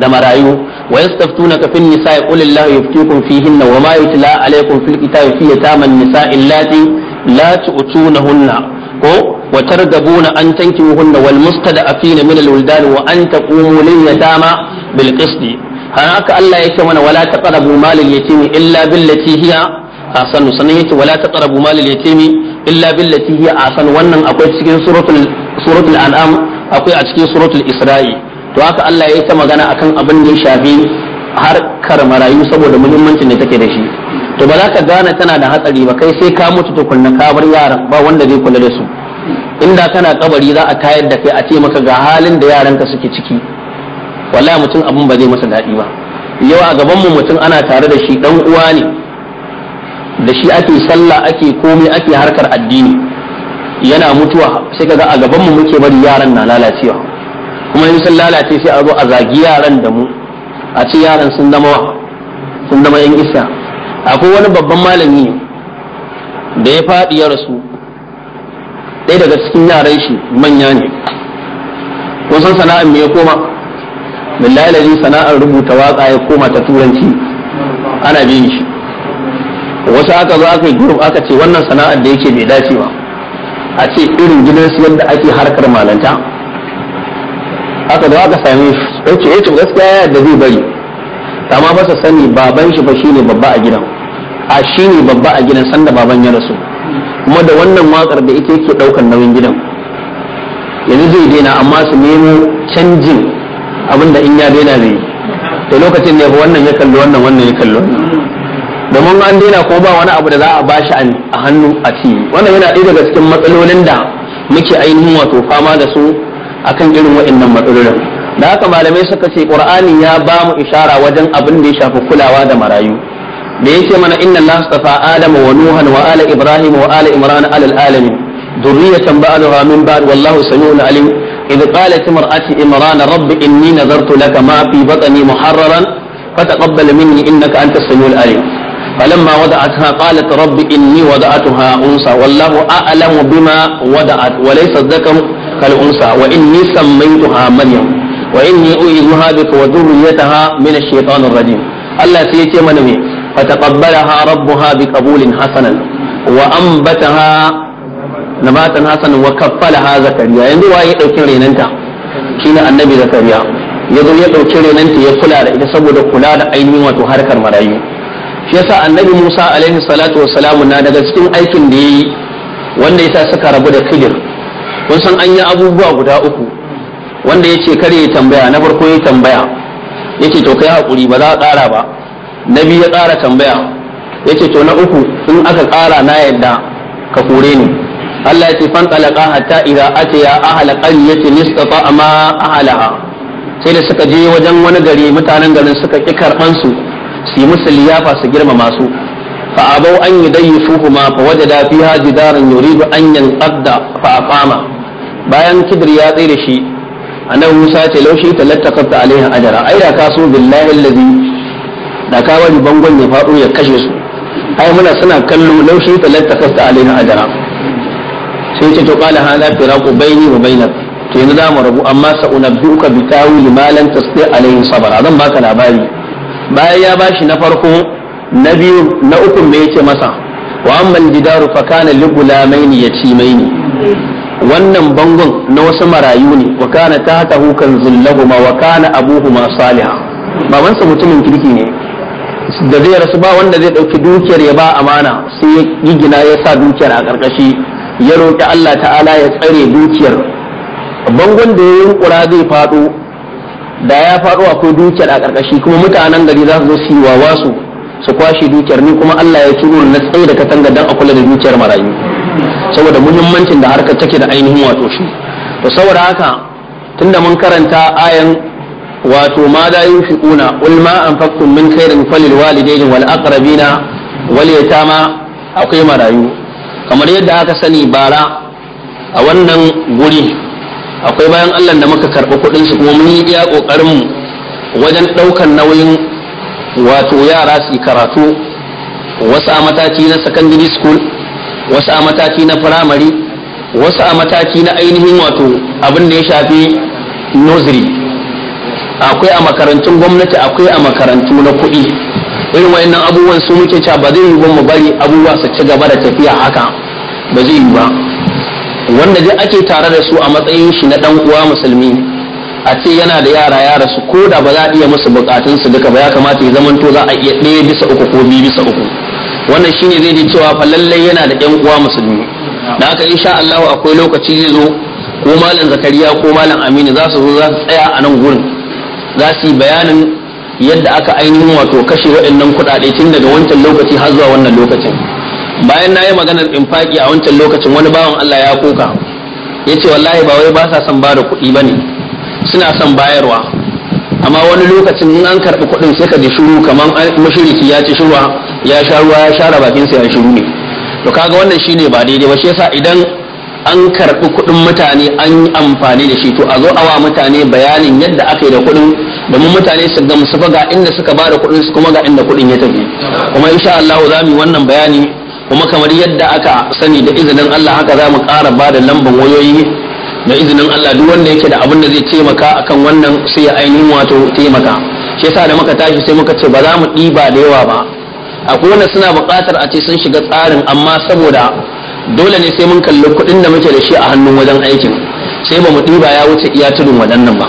da marayu wa yastaftunaka fin nisa qul Allahu yuftikum fihinna wa ma yutla alaykum fil kitabi fi yatama an-nisa'i allati la tu'tunahunna ko wa targabuna an tankihunna wal mustada'afina min al wuldan wa an taqumu lil yatama bil qisti haka Allah yake mana wala taqrabu mal al yatimi illa billati hiya asan sunan yake wala taqrabu mal al yatimi illa billati hiya asan wannan akwai cikin suratul suratul an'am akwai a cikin suratul isra'i to haka Allah ya yi ta magana akan abin da ya shafi harkar marayu saboda muhimmancin da take da shi to ba za ka gane tana da hatsari ba kai sai ka mutu tukunna ka bar yaran ba wanda zai kula da su inda kana kabari za a tayar da kai a ce maka ga halin da yaranka suke ciki wallahi mutum abin ba zai masa daɗi ba yau a gaban mu mutum ana tare da shi dan uwa ne da shi ake sallah ake komai ake harkar addini yana mutuwa sai kaga a gaban mu muke bari yaran na lalacewa kuma in sun lalace sai a zo a zagi yaran da mu a ce yaran sun zama sun zama yan isa akwai wani babban malami da ya faɗi ya rasu ɗaya daga cikin yaran shi manya ne kun san sana'ar me ya koma billahi sana'ar rubuta waka ya koma ta turanci ana bin shi wasu aka zo aka yi gurub aka ce wannan sana'ar da yake bai dace ba a ce irin gidan su yadda ake harkar malanta aka zo aka same shi ya ce eh, gaskiya ya yadda zai bari amma ba sani baban shi ba shine babba a gidan a shi ne babba a gidan sanda baban ya rasu kuma da wannan watsar da ita yake ɗaukan nauyin gidan yanzu zai daina amma su nemo canjin abinda in ya daina zai da lokacin ne wannan ya kalli wannan wannan ya kalli wannan domin an daina ko ba wani abu da za a bashi a hannu a ci wannan yana ɗaya daga cikin matsalolin da muke ainihin wato fama da su akan irin waɗannan matsalolin da haka malamai suka ce qur'ani ya ba mu ishara wajen abin da ya shafi kulawa da marayu ya yake mana inna Allah astafa Adam wa Nuhan wa ala Ibrahim wa ala Imran ala alamin dhurriyatan ba'daha min ba'd wallahu samiun alim idh qalat imra'ati Imran rabbi inni nazartu laka ma fi batni muharraran fataqabbal minni innaka antas samiul alim فلما وضعتها قالت رب إني وضعتها أنثى والله أعلم بما وضعت وليس الذكر كالأنثى وإني سميتها مريم وإني أعيذها بك وذريتها من الشيطان الرجيم الله سيتي من فتقبلها ربها بقبول حسنا وأنبتها نباتا حسنا وكفلها زكريا يعني واي دوكين ريننتا شينا النبي زكريا يدو يدوكين ريننتا يكلا إذا سبو كلا دا أيني واتو حركة مرايو شيسا النبي موسى عليه الصلاة والسلام نا daga cikin aikin da yayi wanda yasa suka rabu da Khidir kun san an yi abubuwa guda uku wanda yace kare ya tambaya na farko ya tambaya yace to kai hakuri ba za a ƙara ba nabi ya ƙara tambaya yace to na uku in aka ƙara na yadda ka kore ni Allah ya ce fan talaqa hatta idza atiya ahla qaryatin istata'a ma ahlaha sai da suka je wajen wani gari mutanen garin suka ki karban su su yi musu liyafa su girmama su fa abau an yudayyifuhuma fa wajada fiha jidaran yuridu an yanqadda fa aqama bayan kibir ya tsere shi annabi Musa ce laushi talattaqta alaiha ajra ai da kaso billahi allazi da ka bangon ya faɗo ya kashe su ai muna suna kallo laushi talatta kasta alaina ajara sai ce to qala hada firaqu baini wa bainak to yanzu za mu rabu amma sa'unabbi'uka bi tawili ma lan tasdi alaihi sabara zan baka labari bayan ya bashi na farko na biyu na uku me masa wa amma aljidaru fa kana li gulamaini yatimaini wannan bangon na wasu marayu ne wa kana tahtahu kan zullahuma wa kana abuhuma Saliha. babansa mutumin kirki ne da zai rasu ba wanda zai ɗauki dukiyar ya ba amana sai ya gigina ya sa dukiyar a ƙarƙashi ya roƙi Allah ta'ala ya tsare dukiyar bangon da ya yunkura zai faɗo da ya faɗo akwai dukiyar a ƙarƙashi kuma mutanen gari za su zo su yi su su kwashe dukiyar ni kuma Allah ya turo na tsaye da katanga dan a kula da dukiyar marayu saboda muhimmancin da harkar take da ainihin wato shi to saboda haka tunda mun karanta ayan wato ma la yunfiquna qul ma anfaqtum min khairin falil walidayni wal aqrabina wal yatama akwai marayu kamar yadda aka sani bara a wannan guri akwai bayan Allah da muka karɓi kuɗin su kuma mun yi iya ƙoƙarinmu mu wajen ɗaukar nauyin wato yara su karatu wasu a mataki na secondary school wasu a mataki na primary wasu a mataki na ainihin wato abin da ya shafi nursery akwai a makarantun gwamnati akwai a makarantu na kuɗi irin wayannan abubuwan su muke cewa ba zai yi ba mu bari abubuwa su ci gaba da tafiya haka ba zai yi ba wanda dai ake tare da su a matsayin shi na dan uwa musulmi a ce yana da yara yara su ko da ba za a iya musu bukatun su duka ba ya kamata ya zamanto za a iya ɗaya bisa uku ko biyu bisa uku wannan shine zai ji cewa fa lallai yana da yan uwa musulmi da haka insha Allah akwai lokaci zai zo ko malam zakariya ko malam aminu za su zo za su tsaya a nan gurin za su yi bayanin yadda aka ainihin wato kashe waɗannan kuɗaɗe tun daga wancan lokaci har zuwa wannan lokacin bayan na yi maganar infaki a wancan lokacin wani bawan Allah ya koka ya ce wallahi ba wai ba sa son bada kuɗi ba ne suna son bayarwa amma wani lokacin in an karɓi kuɗin sai ka ji shiru kamar mashiriki ya ci shuruwa ya sha ruwa ya share bakinsa ya shiru ne to kaga wannan shine ba daidai ba shi yasa idan an karɓi kuɗin mutane an yi amfani da shi to a zo a wa mutane bayanin yadda aka yi da kuɗin domin mutane su ga musu ga inda suka ba da kuɗin su kuma ga inda kuɗin ya tafi kuma insha Allah za mu wannan bayani kuma kamar yadda aka sani da izinin Allah haka za mu ƙara ba da lambar wayoyi da izinin Allah duk wanda yake da abin da zai taimaka akan wannan sai ya ainihin wato taimaka shi yasa da muka tashi sai muka ce ba za mu ɗiba da yawa ba akwai wanda suna buƙatar a ce sun shiga tsarin amma saboda dole ne sai mun kalli kuɗin da muke da shi a hannun wajen aikin sai ba mu ɗiba ya wuce iya tudun waɗannan ba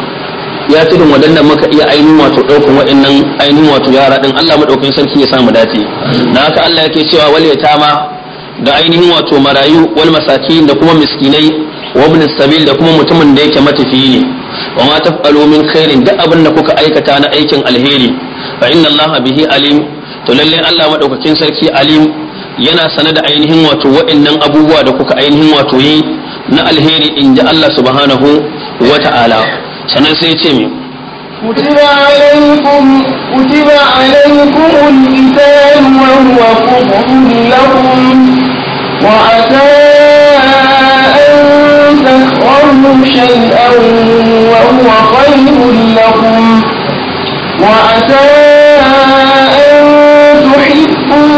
ya tudun waɗannan muka iya ainihin wato ɗaukan waɗannan ainihin wato yara ɗin Allah maɗaukin sarki ya samu dace Na haka Allah yake cewa wal yatama da ainihin wato marayu wal masakin da kuma miskinai wa ibn sabil da kuma mutumin da yake matafiyi ne wa ma taf'alu min khairin duk abin da kuka aikata na aikin alheri fa inna Allah bihi alim to lalle Allah madaukakin sarki alim yana sane da ainihin wato waɗannan abubuwa da kuka ainihin wato yi na alheri in ji Allah subhanahu wa ta'ala sannan sai ce mi كتب عليكم كتب عليكم القتال وهو كفر لكم وعسى an تكرهوا شيئا وهو خير لكم وعسى أن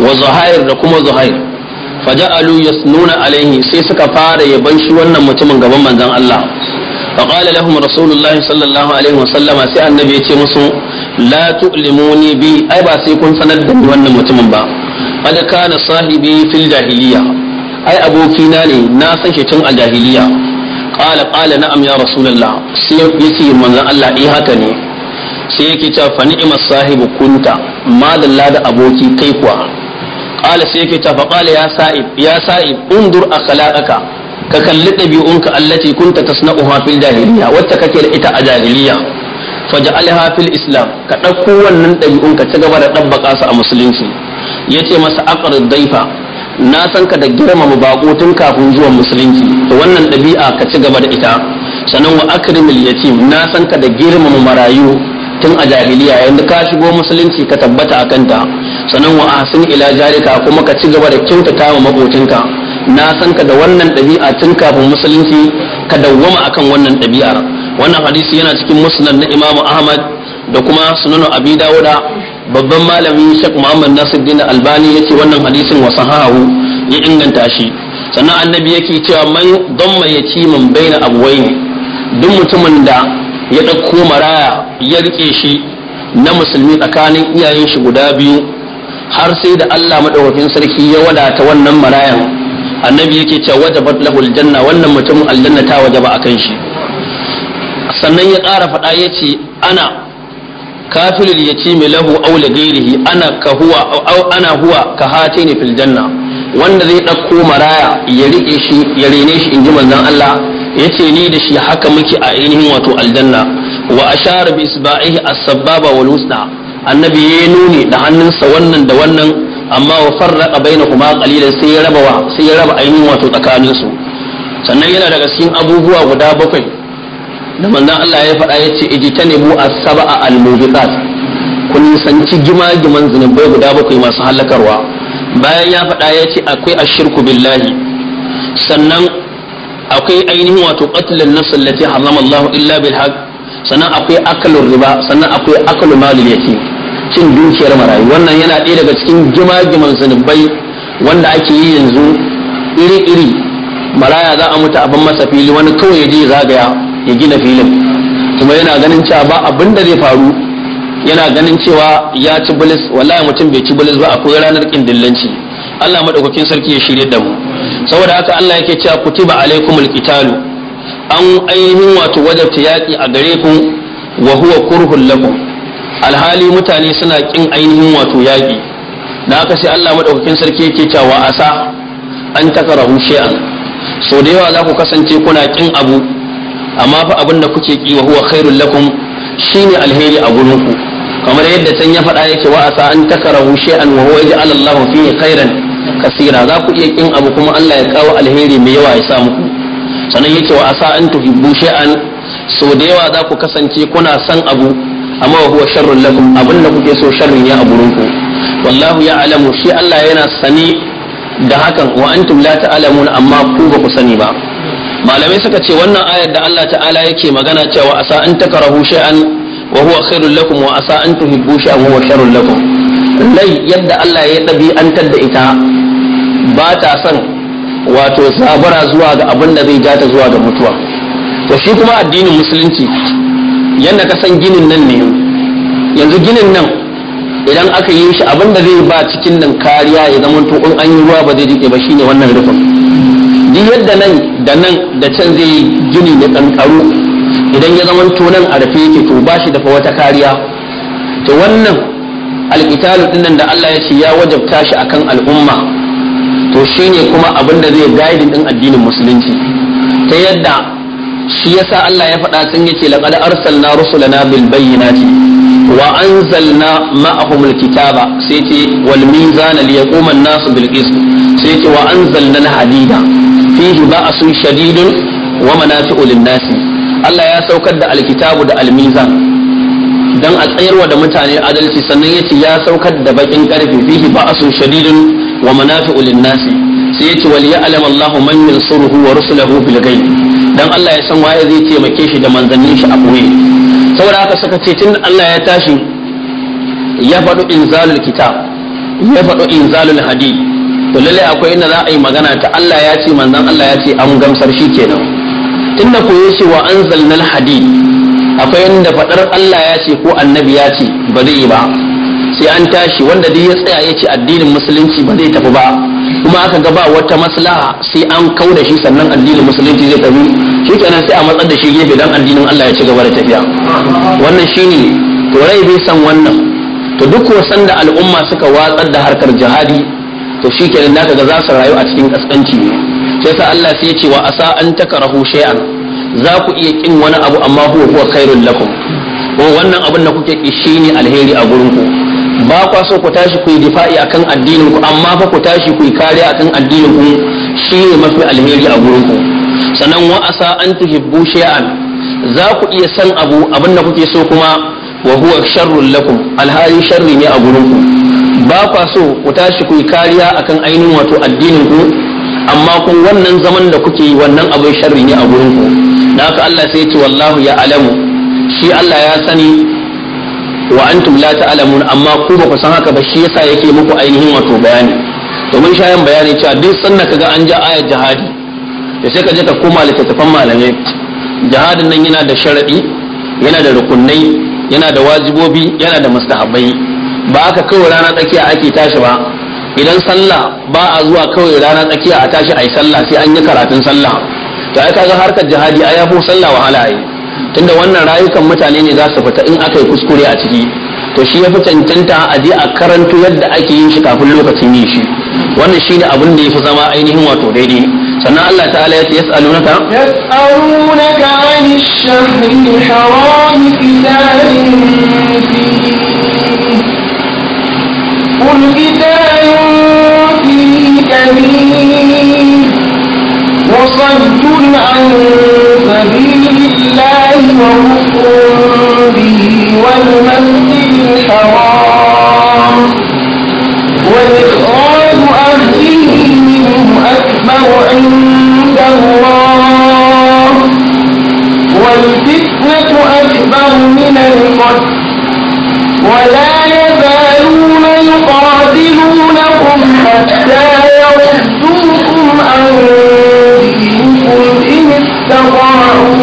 wa zuhair da kuma zuhair faja'alu yasnuna alaihi sai suka fara yaban shi wannan mutumin gaban manzon Allah فقال لهم رسول الله صلى الله عليه وسلم سي النبي يتي مسو لا تؤلموني بي ai ba sai kun sanar da ni wannan mutumin ba kada kana sahibi fil jahiliya ai abokina ne na san shi tun a jahiliya qala qala na'am ya rasulullah sai yace manzon Allah eh haka ne sai yake cewa fa ni'mas sahibu kunta madalla da aboki kai kuwa qala sai yake ta fa qala ya sa'ib ya sa'ib undur akhlaqaka ka kalli dabi'unka allati kunta tasna'uha fil jahiliya wacce kake da ita a jahiliya faj'alha fil islam ka dauko wannan dabi'unka ci gaba da dabbaka su a musulunci yace masa aqrid daifa na san ka da girmama bako tun kafin zuwan musulunci to wannan dabi'a ka ci gaba da ita sannan wa akrimil yatim na san ka da girmama marayu tun a jahiliya yanzu ka shigo musulunci ka tabbata a kanta. sannan wa ahsin ila jarika kuma ka ci gaba da kyautata wa makocinka na san ka da wannan ɗabi'a tun kafin musulunci ka dawwama akan wannan ɗabi'ar wannan hadisi yana cikin musnad na imamu ahmad da kuma sunan abi dawuda babban malami shek muhammad nasiruddin albani ya ce wannan hadisin wa sahahu ya inganta shi sannan annabi yake cewa mai damma yatiman baina abwayn duk mutumin da ya ɗauko maraya ya rike shi na musulmi tsakanin iyayen shi guda biyu har sai da Allah madaukakin sarki ya wadata wannan marayan annabi yake cewa wajabat lahul janna wannan mutumin aljanna ta wajaba akan shi sannan ya ƙara faɗa ya ce ana kafilul ya ce mai lahu aula ana ka huwa ana huwa ka hate ne fil janna wanda zai ɗauko maraya ya riƙe shi ya rene shi in ji manzon Allah yace ni da shi haka muke a ainihin wato aljanna wa ashara bi isba'ihi as-sababa wal wusta annabi ya nuni da hannunsa wannan da wannan amma wa farraqa bainahuma qalilan sai ya raba sai ya raba ainihin wato tsakanin su sannan yana daga cikin abubuwa guda bakwai da manzon Allah ya faɗa yace ijtanibu as-sab'a al-mubiqat kun sanci gima-giman zunubai guda bakwai masu halakarwa bayan ya faɗa yace akwai ashirku billahi sannan akwai ainihin wato qatlun nafs allati harrama Allah illa bil haqq sannan akwai akalun riba sannan akwai akalun malul yatim cin dukiyar marayu wannan yana ɗaya daga cikin gima-giman zunubai wanda ake yi yanzu iri-iri maraya za a mutu abin masa fili wani kawai ya je zagaya ya gina filin kuma yana ganin cewa ba abin da zai faru yana ganin cewa ya ci bilis wallahi mutum bai ci bilis ba akwai ranar kindillanci Allah madaukakin sarki ya shirya da mu saboda haka Allah yake cewa kutiba alaikumul qitalu an ainihin wato wajabta yaki a gare ku wa huwa kurhul lakum alhali mutane suna kin ainihin wato yaƙi da haka sai Allah madaukakin sarki yake cewa asa an takarahu shay'an so da yawa za ku kasance kuna kin abu amma fa abin da kuke ki wa huwa khairul lakum shine alheri a gurin ku kamar yadda can ya faɗa yake wa asa an takarahu shay'an wa huwa yaj'al Allahu fihi khairan kasira za ku iya kin abu kuma Allah ya kawo alheri mai yawa ya sa muku sannan yake wa asa an tuhibbu shay'an so da yawa za ku kasance kuna san abu amma wa huwa sharrun lakum abin da kuke so sharrin ya a gurin ku wallahu ya alamu shi Allah yana sani da hakan wa antum la ta'lamun amma ku ba ku sani ba malamai suka ce wannan ayar da Allah ta'ala yake magana cewa asa an takrahu shay'an wa huwa khairul lakum wa asa an tuhibbu shay'an wa huwa sharrun lakum lai yadda Allah ya dabi'antar da ita ba ta son wato zabara zuwa ga abin da zai ja ta zuwa ga mutuwa to shi kuma addinin musulunci yadda ka san ginin nan ne yanzu ginin nan idan aka yi shi abin da zai ba cikin nan kariya ya zama to in an yi ruwa ba zai jike ba shine wannan rufin duk yadda nan da nan da can zai yi gini da kankaro idan ya zama to nan a rufe yake to ba shi dafa wata kariya to wannan alƙitalu din nan da Allah ya ce ya wajabta shi akan al'umma to shine kuma abin da zai gaidin din addinin musulunci ta yadda shi yasa Allah ya faɗa tun yace laqad arsalna rusulana bil bayyinati wa anzalna ma'ahum al kitaba sai yace wal mizana liyaquma an-nasu bil qist sai yace wa anzalna al hadida fihi ba'sun shadidun wa manafi'u lin nasi Allah ya saukar da alkitabu da al-mizan dan a tsayarwa da mutane adalci sannan ya ce ya saukar da bakin karfe fihi ba'asun shadidun wa manafi'u lin-nasi sai yace wal alama Allahu man yansuruhu wa rusulahu bil ghaib dan Allah ya san waye zai taimake shi da manzannin shi a boye saboda haka suka ce tun Allah ya tashi ya faɗo inzalul kitab ya faɗo inzalul hadid to lalle akwai inda za a yi magana ta Allah ya ce manzan Allah ya ce an gamsar shi kenan tunda ko yace wa anzalnal hadid akwai inda faɗar Allah ya ce ko annabi ya ce ba zai yi ba sai an tashi wanda duk ya tsaya ya ce addinin musulunci ba zai tafi ba kuma aka ga ba wata maslaha sai an kau da shi sannan addinin musulunci zai tafi shi kenan sai a matsar da shi gefe dan addinin Allah ya ci gaba da tafiya wannan shine to rai bai san wannan to duk wasan da al'umma suka watsar da harkar jihadi to shi kenan naka ga za su rayu a cikin kaskanci ne sai sa Allah sai ya ce wa asa an takarahu shay'an za ku iya kin wani abu amma huwa huwa khairul lakum wannan abin da kuke ki ne alheri a gurin ku ba kwa so ku tashi ku yi difa'i akan addinin ku amma fa ku tashi ku yi kariya akan addinin ku ne mafi alheri a gurin ku sannan wa asa an tuhibbu shay'an za ku iya san abu abin da kuke so kuma wa huwa sharrul lakum alhali sharri ne a gurin ku ba kwa so ku tashi ku yi kariya akan ainihin wato addinin ku amma kun wannan zaman da kuke yi wannan abin sharri ne a gurin ku dan haka Allah sai ya ce wallahu ya alamu shi Allah ya sani wa antum la ta'lamun amma ku ba ku san haka ba shi yasa yake muku ainihin wato bayani to mun sha yan bayani cewa duk sanna kaga an ja ayat jihadi da sai ka je ka koma littattafan malamai jihadin nan yana da sharadi yana da rukunnai yana da wajibobi yana da mustahabbai ba aka kawai rana tsakiya ake tashi ba idan sallah ba a zuwa kawai rana tsakiya a tashi a sallah sai an yi karatun sallah to ai kaga harkar jihadi a yafo sallah wahala ai tunda wannan rayukan mutane ne za su fita in aka yi kuskure a ciki to shi ya fi cancanta a je a karanto yadda ake yin shi kafin lokacin yin shi wannan shi ne abin da ya fi zama ainihin wato daidai sannan Allah ta'ala ya ce yas'alunaka yas'alunaka 'ani shahri haram fi fihi قل قتال فيه كبير وصد عن سبيل الله وكفر به والمسجد الحرام وإخراج أهله منه أكبر عند الله والفتنة أكبر من القتل ولا يزالون يقاتلونكم حتى tomorrow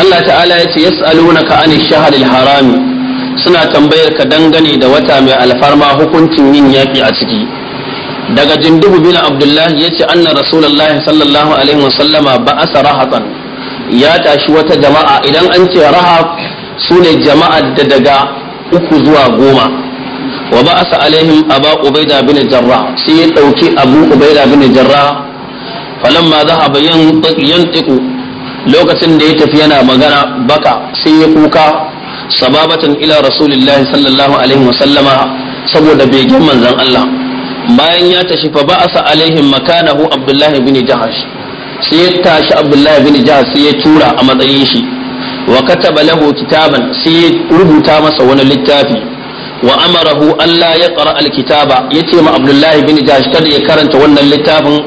allah ta'ala ya ce تعالى يسألونك عن al-harami, suna tambayar ka dangane da wata mai alfarma hukuncin yin yaƙi a ciki daga jindubu bin abdullahi ya ce anna rasulullahi sallallahu alaihi wasallama ba asara rahatan ya tashi wata jama'a idan an ce raha sune ne jama'a da daga uku zuwa goma wa ba asa alaihim aba ubaida bin jarra sai ya dauki abu ubaida bin jarrah falamma zahaba yantiqu lokacin da ya tafi yana magana baka sai ya kuka sababatan ila rasulillahi sallallahu alaihi sallama saboda begen manzon Allah bayan ya tashi fa ba'asa alaihim makanahu abdullahi bin jahash sai ya tashi abdullahi bin jahash sai ya tura a matsayin shi wa kataba lahu kitaban sai ya rubuta masa wani littafi Wa'amarahu, Allah ya qara alkitaba yace ma Abdullahi bin kada ya karanta wannan littafin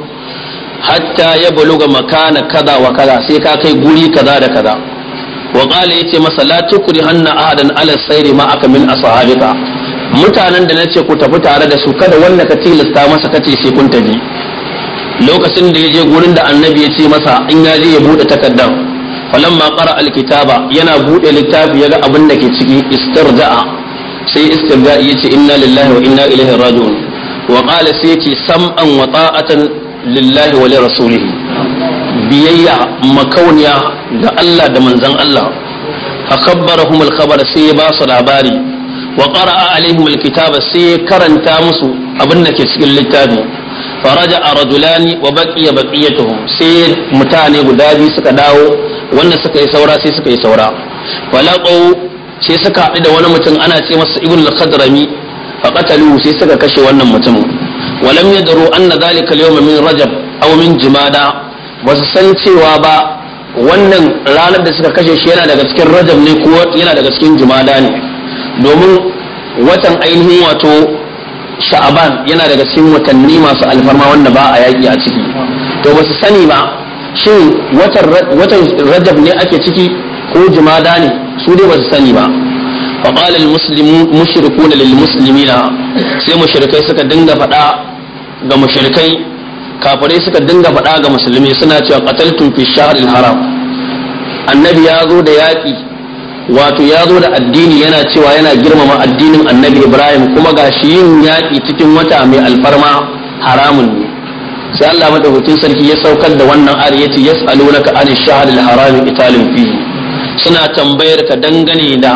hatta ya buluga makana kaza wa kaza sai ka kai guri kaza da kaza wa qala yace masa la tukri hanna ahadan ala sayri ma aka min ashabika mutanen da nace ku tafi tare da su kada wanda ka tilasta masa kace sai kun tafi lokacin da ya je gurin da annabi ya ce masa in ya je ya buɗe takardan, falamma qara alkitaba yana bude littafi ga abin da ke ciki istarja'a sai istimda'i yace inna lillahi wa inna ilaihi raji'un wa qala sai yace sam'an wa ta'atan lillahi wa lirasulihi biyayya makauniya ga Allah da manzon Allah akabbarahum al-khabar sai ya ba su labari wa qara'a alaihim al-kitaba sai ya karanta musu abin da ke cikin littafi faraja a rajulani wa baqiya baqiyatuhum sai mutane guda biyu suka dawo wanda suka yi saura sai suka yi saura falaqau sai suka haɗu da wani mutum ana ce masa ibn al-khadrami fa qataluhu sai suka kashe wannan mutumin walam yadru anna dhalika al-yawm min rajab aw min jumada ba su san cewa ba wannan ranar da suka kashe shi yana daga cikin rajab ne ko yana daga cikin jumada ne domin watan ainihin wato sha'aban yana daga cikin watanni masu alfarma wanda ba a yaƙi a ciki to ba su sani ba shin watan rajab ne ake ciki ko jimada ne su dai ba su sani ba fa qala al muslimu mushrikuna lil muslimina sai mushrikai suka dinga faɗa ga mushrikai kafirai suka dinga faɗa ga musulmi suna cewa qataltu fi al haram annabi ya zo da yaƙi wato ya zo da addini yana cewa yana girmama addinin annabi ibrahim kuma ga shi yin yaƙi cikin wata mai alfarma haramun ne sai allah madaukakin sarki ya saukar da wannan ari ya anish shahr al haram italin fihi suna tambayar ka dangane da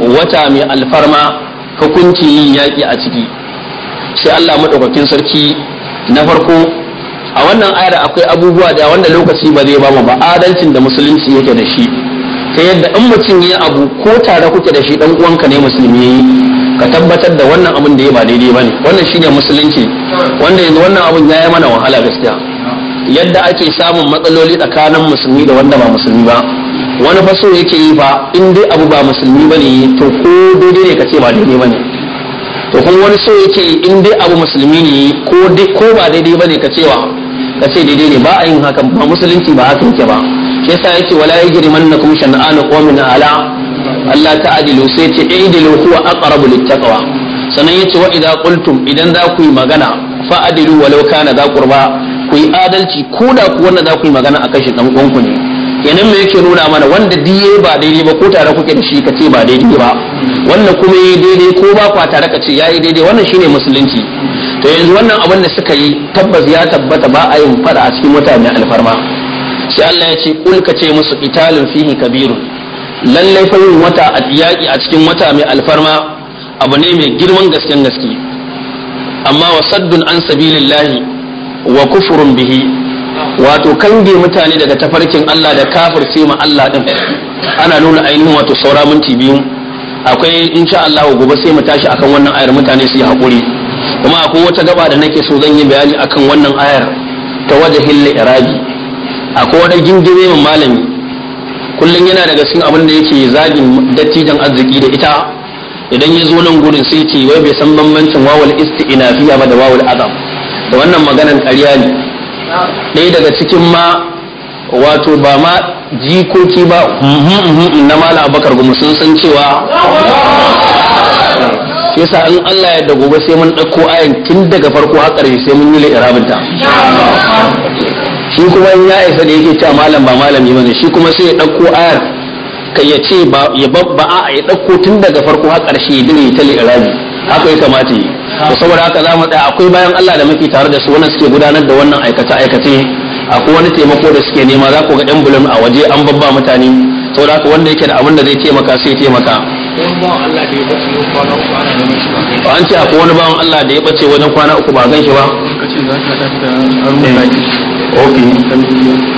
wata mai alfarma hukunci yin yaƙi a ciki sai Allah maɗaukakin sarki na farko a wannan ayar akwai abubuwa da wanda lokaci ba zai bamu ba adalcin da musulunci yake da shi ta yadda in mutum ya abu ko tare kuke da shi dan uwanka ne musulmi yayi ka tabbatar da wannan abin da ya ba daidai bane wannan shine musulunci wanda yanzu wannan abin ya yi mana wahala gaskiya yadda ake samun matsaloli tsakanin musulmi da wanda ba musulmi ba wani faso yake yi fa in dai abu ba musulmi ba ne to ko dai ne ka ce ba daidai ba ne to kuma wani so yake yi in dai abu musulmi ne ko ko ba daidai ba ne ka ce wa ka ce daidai ne ba a yin hakan ba musulunci ba haka yake ba shi yasa yake wala yajrimannakum shan'anu qawmin ala Allah adilu sai ce idilu huwa aqrabu littaqwa sannan yace wa idza qultum idan za ku yi magana fa'adilu walau kana za qurba ku yi adalci ko da ku wanda za ku yi magana a kashe dan uwanku ne kenan me yake nuna mana wanda diye ba daidai ba ko tare kuke da shi ka ce ba daidai ba wannan kuma yi daidai ko ba kwa tare ka ce ya daidai wannan shine musulunci to yanzu wannan abin da suka yi tabbas ya tabbata ba a yin fada a cikin mutane alfarma sai Allah ya ce kul ka ce musu italin fihi kabirun lallai fa yin wata a yaƙi a cikin wata mai alfarma abu ne mai girman gasken gaske amma wa saddun an sabilillahi wa kufurun bihi wato kange mutane daga tafarkin Allah da sai ma Allah din ana nuna ainihin wato saura minti biyu akwai insha Allah gobe sai mu tashi akan wannan ayar mutane su yi hakuri kuma akwai wata gaba da nake so zan yi bayani akan wannan ayar ta wajhil irabi akwai wani gingime mun malami kullum yana daga cikin abin da yake zagin dattijan arziki da ita idan ya zo nan gurin sai ce wai bai san bambancin wawul fiya ba da wawul azam da wannan maganar ƙarya ne ɗaya daga cikin ma wato ba ma jikoki ba hmm, hmm, hmm, na mala abakar gumu sun san cewa yasa in Allah ya gobe sai mun ɗauko ayan tun daga farko har ƙarshe sai mun yi irabinta shi kuma in ya isa da yake cewa malam ba malami bane shi kuma sai ya ɗauko ayar kai ya ce ba ya a ya ɗauko tun daga farko har ƙarshe ya dire ta li'irabi haka ya kamata yi to saboda haka za mu tsaya akwai bayan Allah da muke tare da su wannan suke gudanar da wannan aikace aikace akwai wani taimako da suke nema za ku ga ɗan bulan a waje an babba mutane saboda haka wanda yake da abin da zai taimaka sai taimaka an ce akwai wani bawan Allah da ya bace wajen kwana uku ba gan shi ba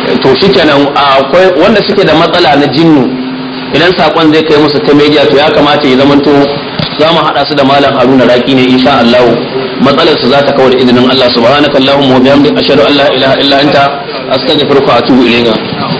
eh, to shi kenan akwai wanda suke da matsala na jinnu idan sakon zai kai musu ta media to ya kamata ya to za mu haɗa su da malam haruna raki ne insha Allah matsalar su za ta kawar izinin Allah subhanakallahumma wa bihamdika ashhadu an la ilaha illa anta astaghfiruka wa atubu ilayka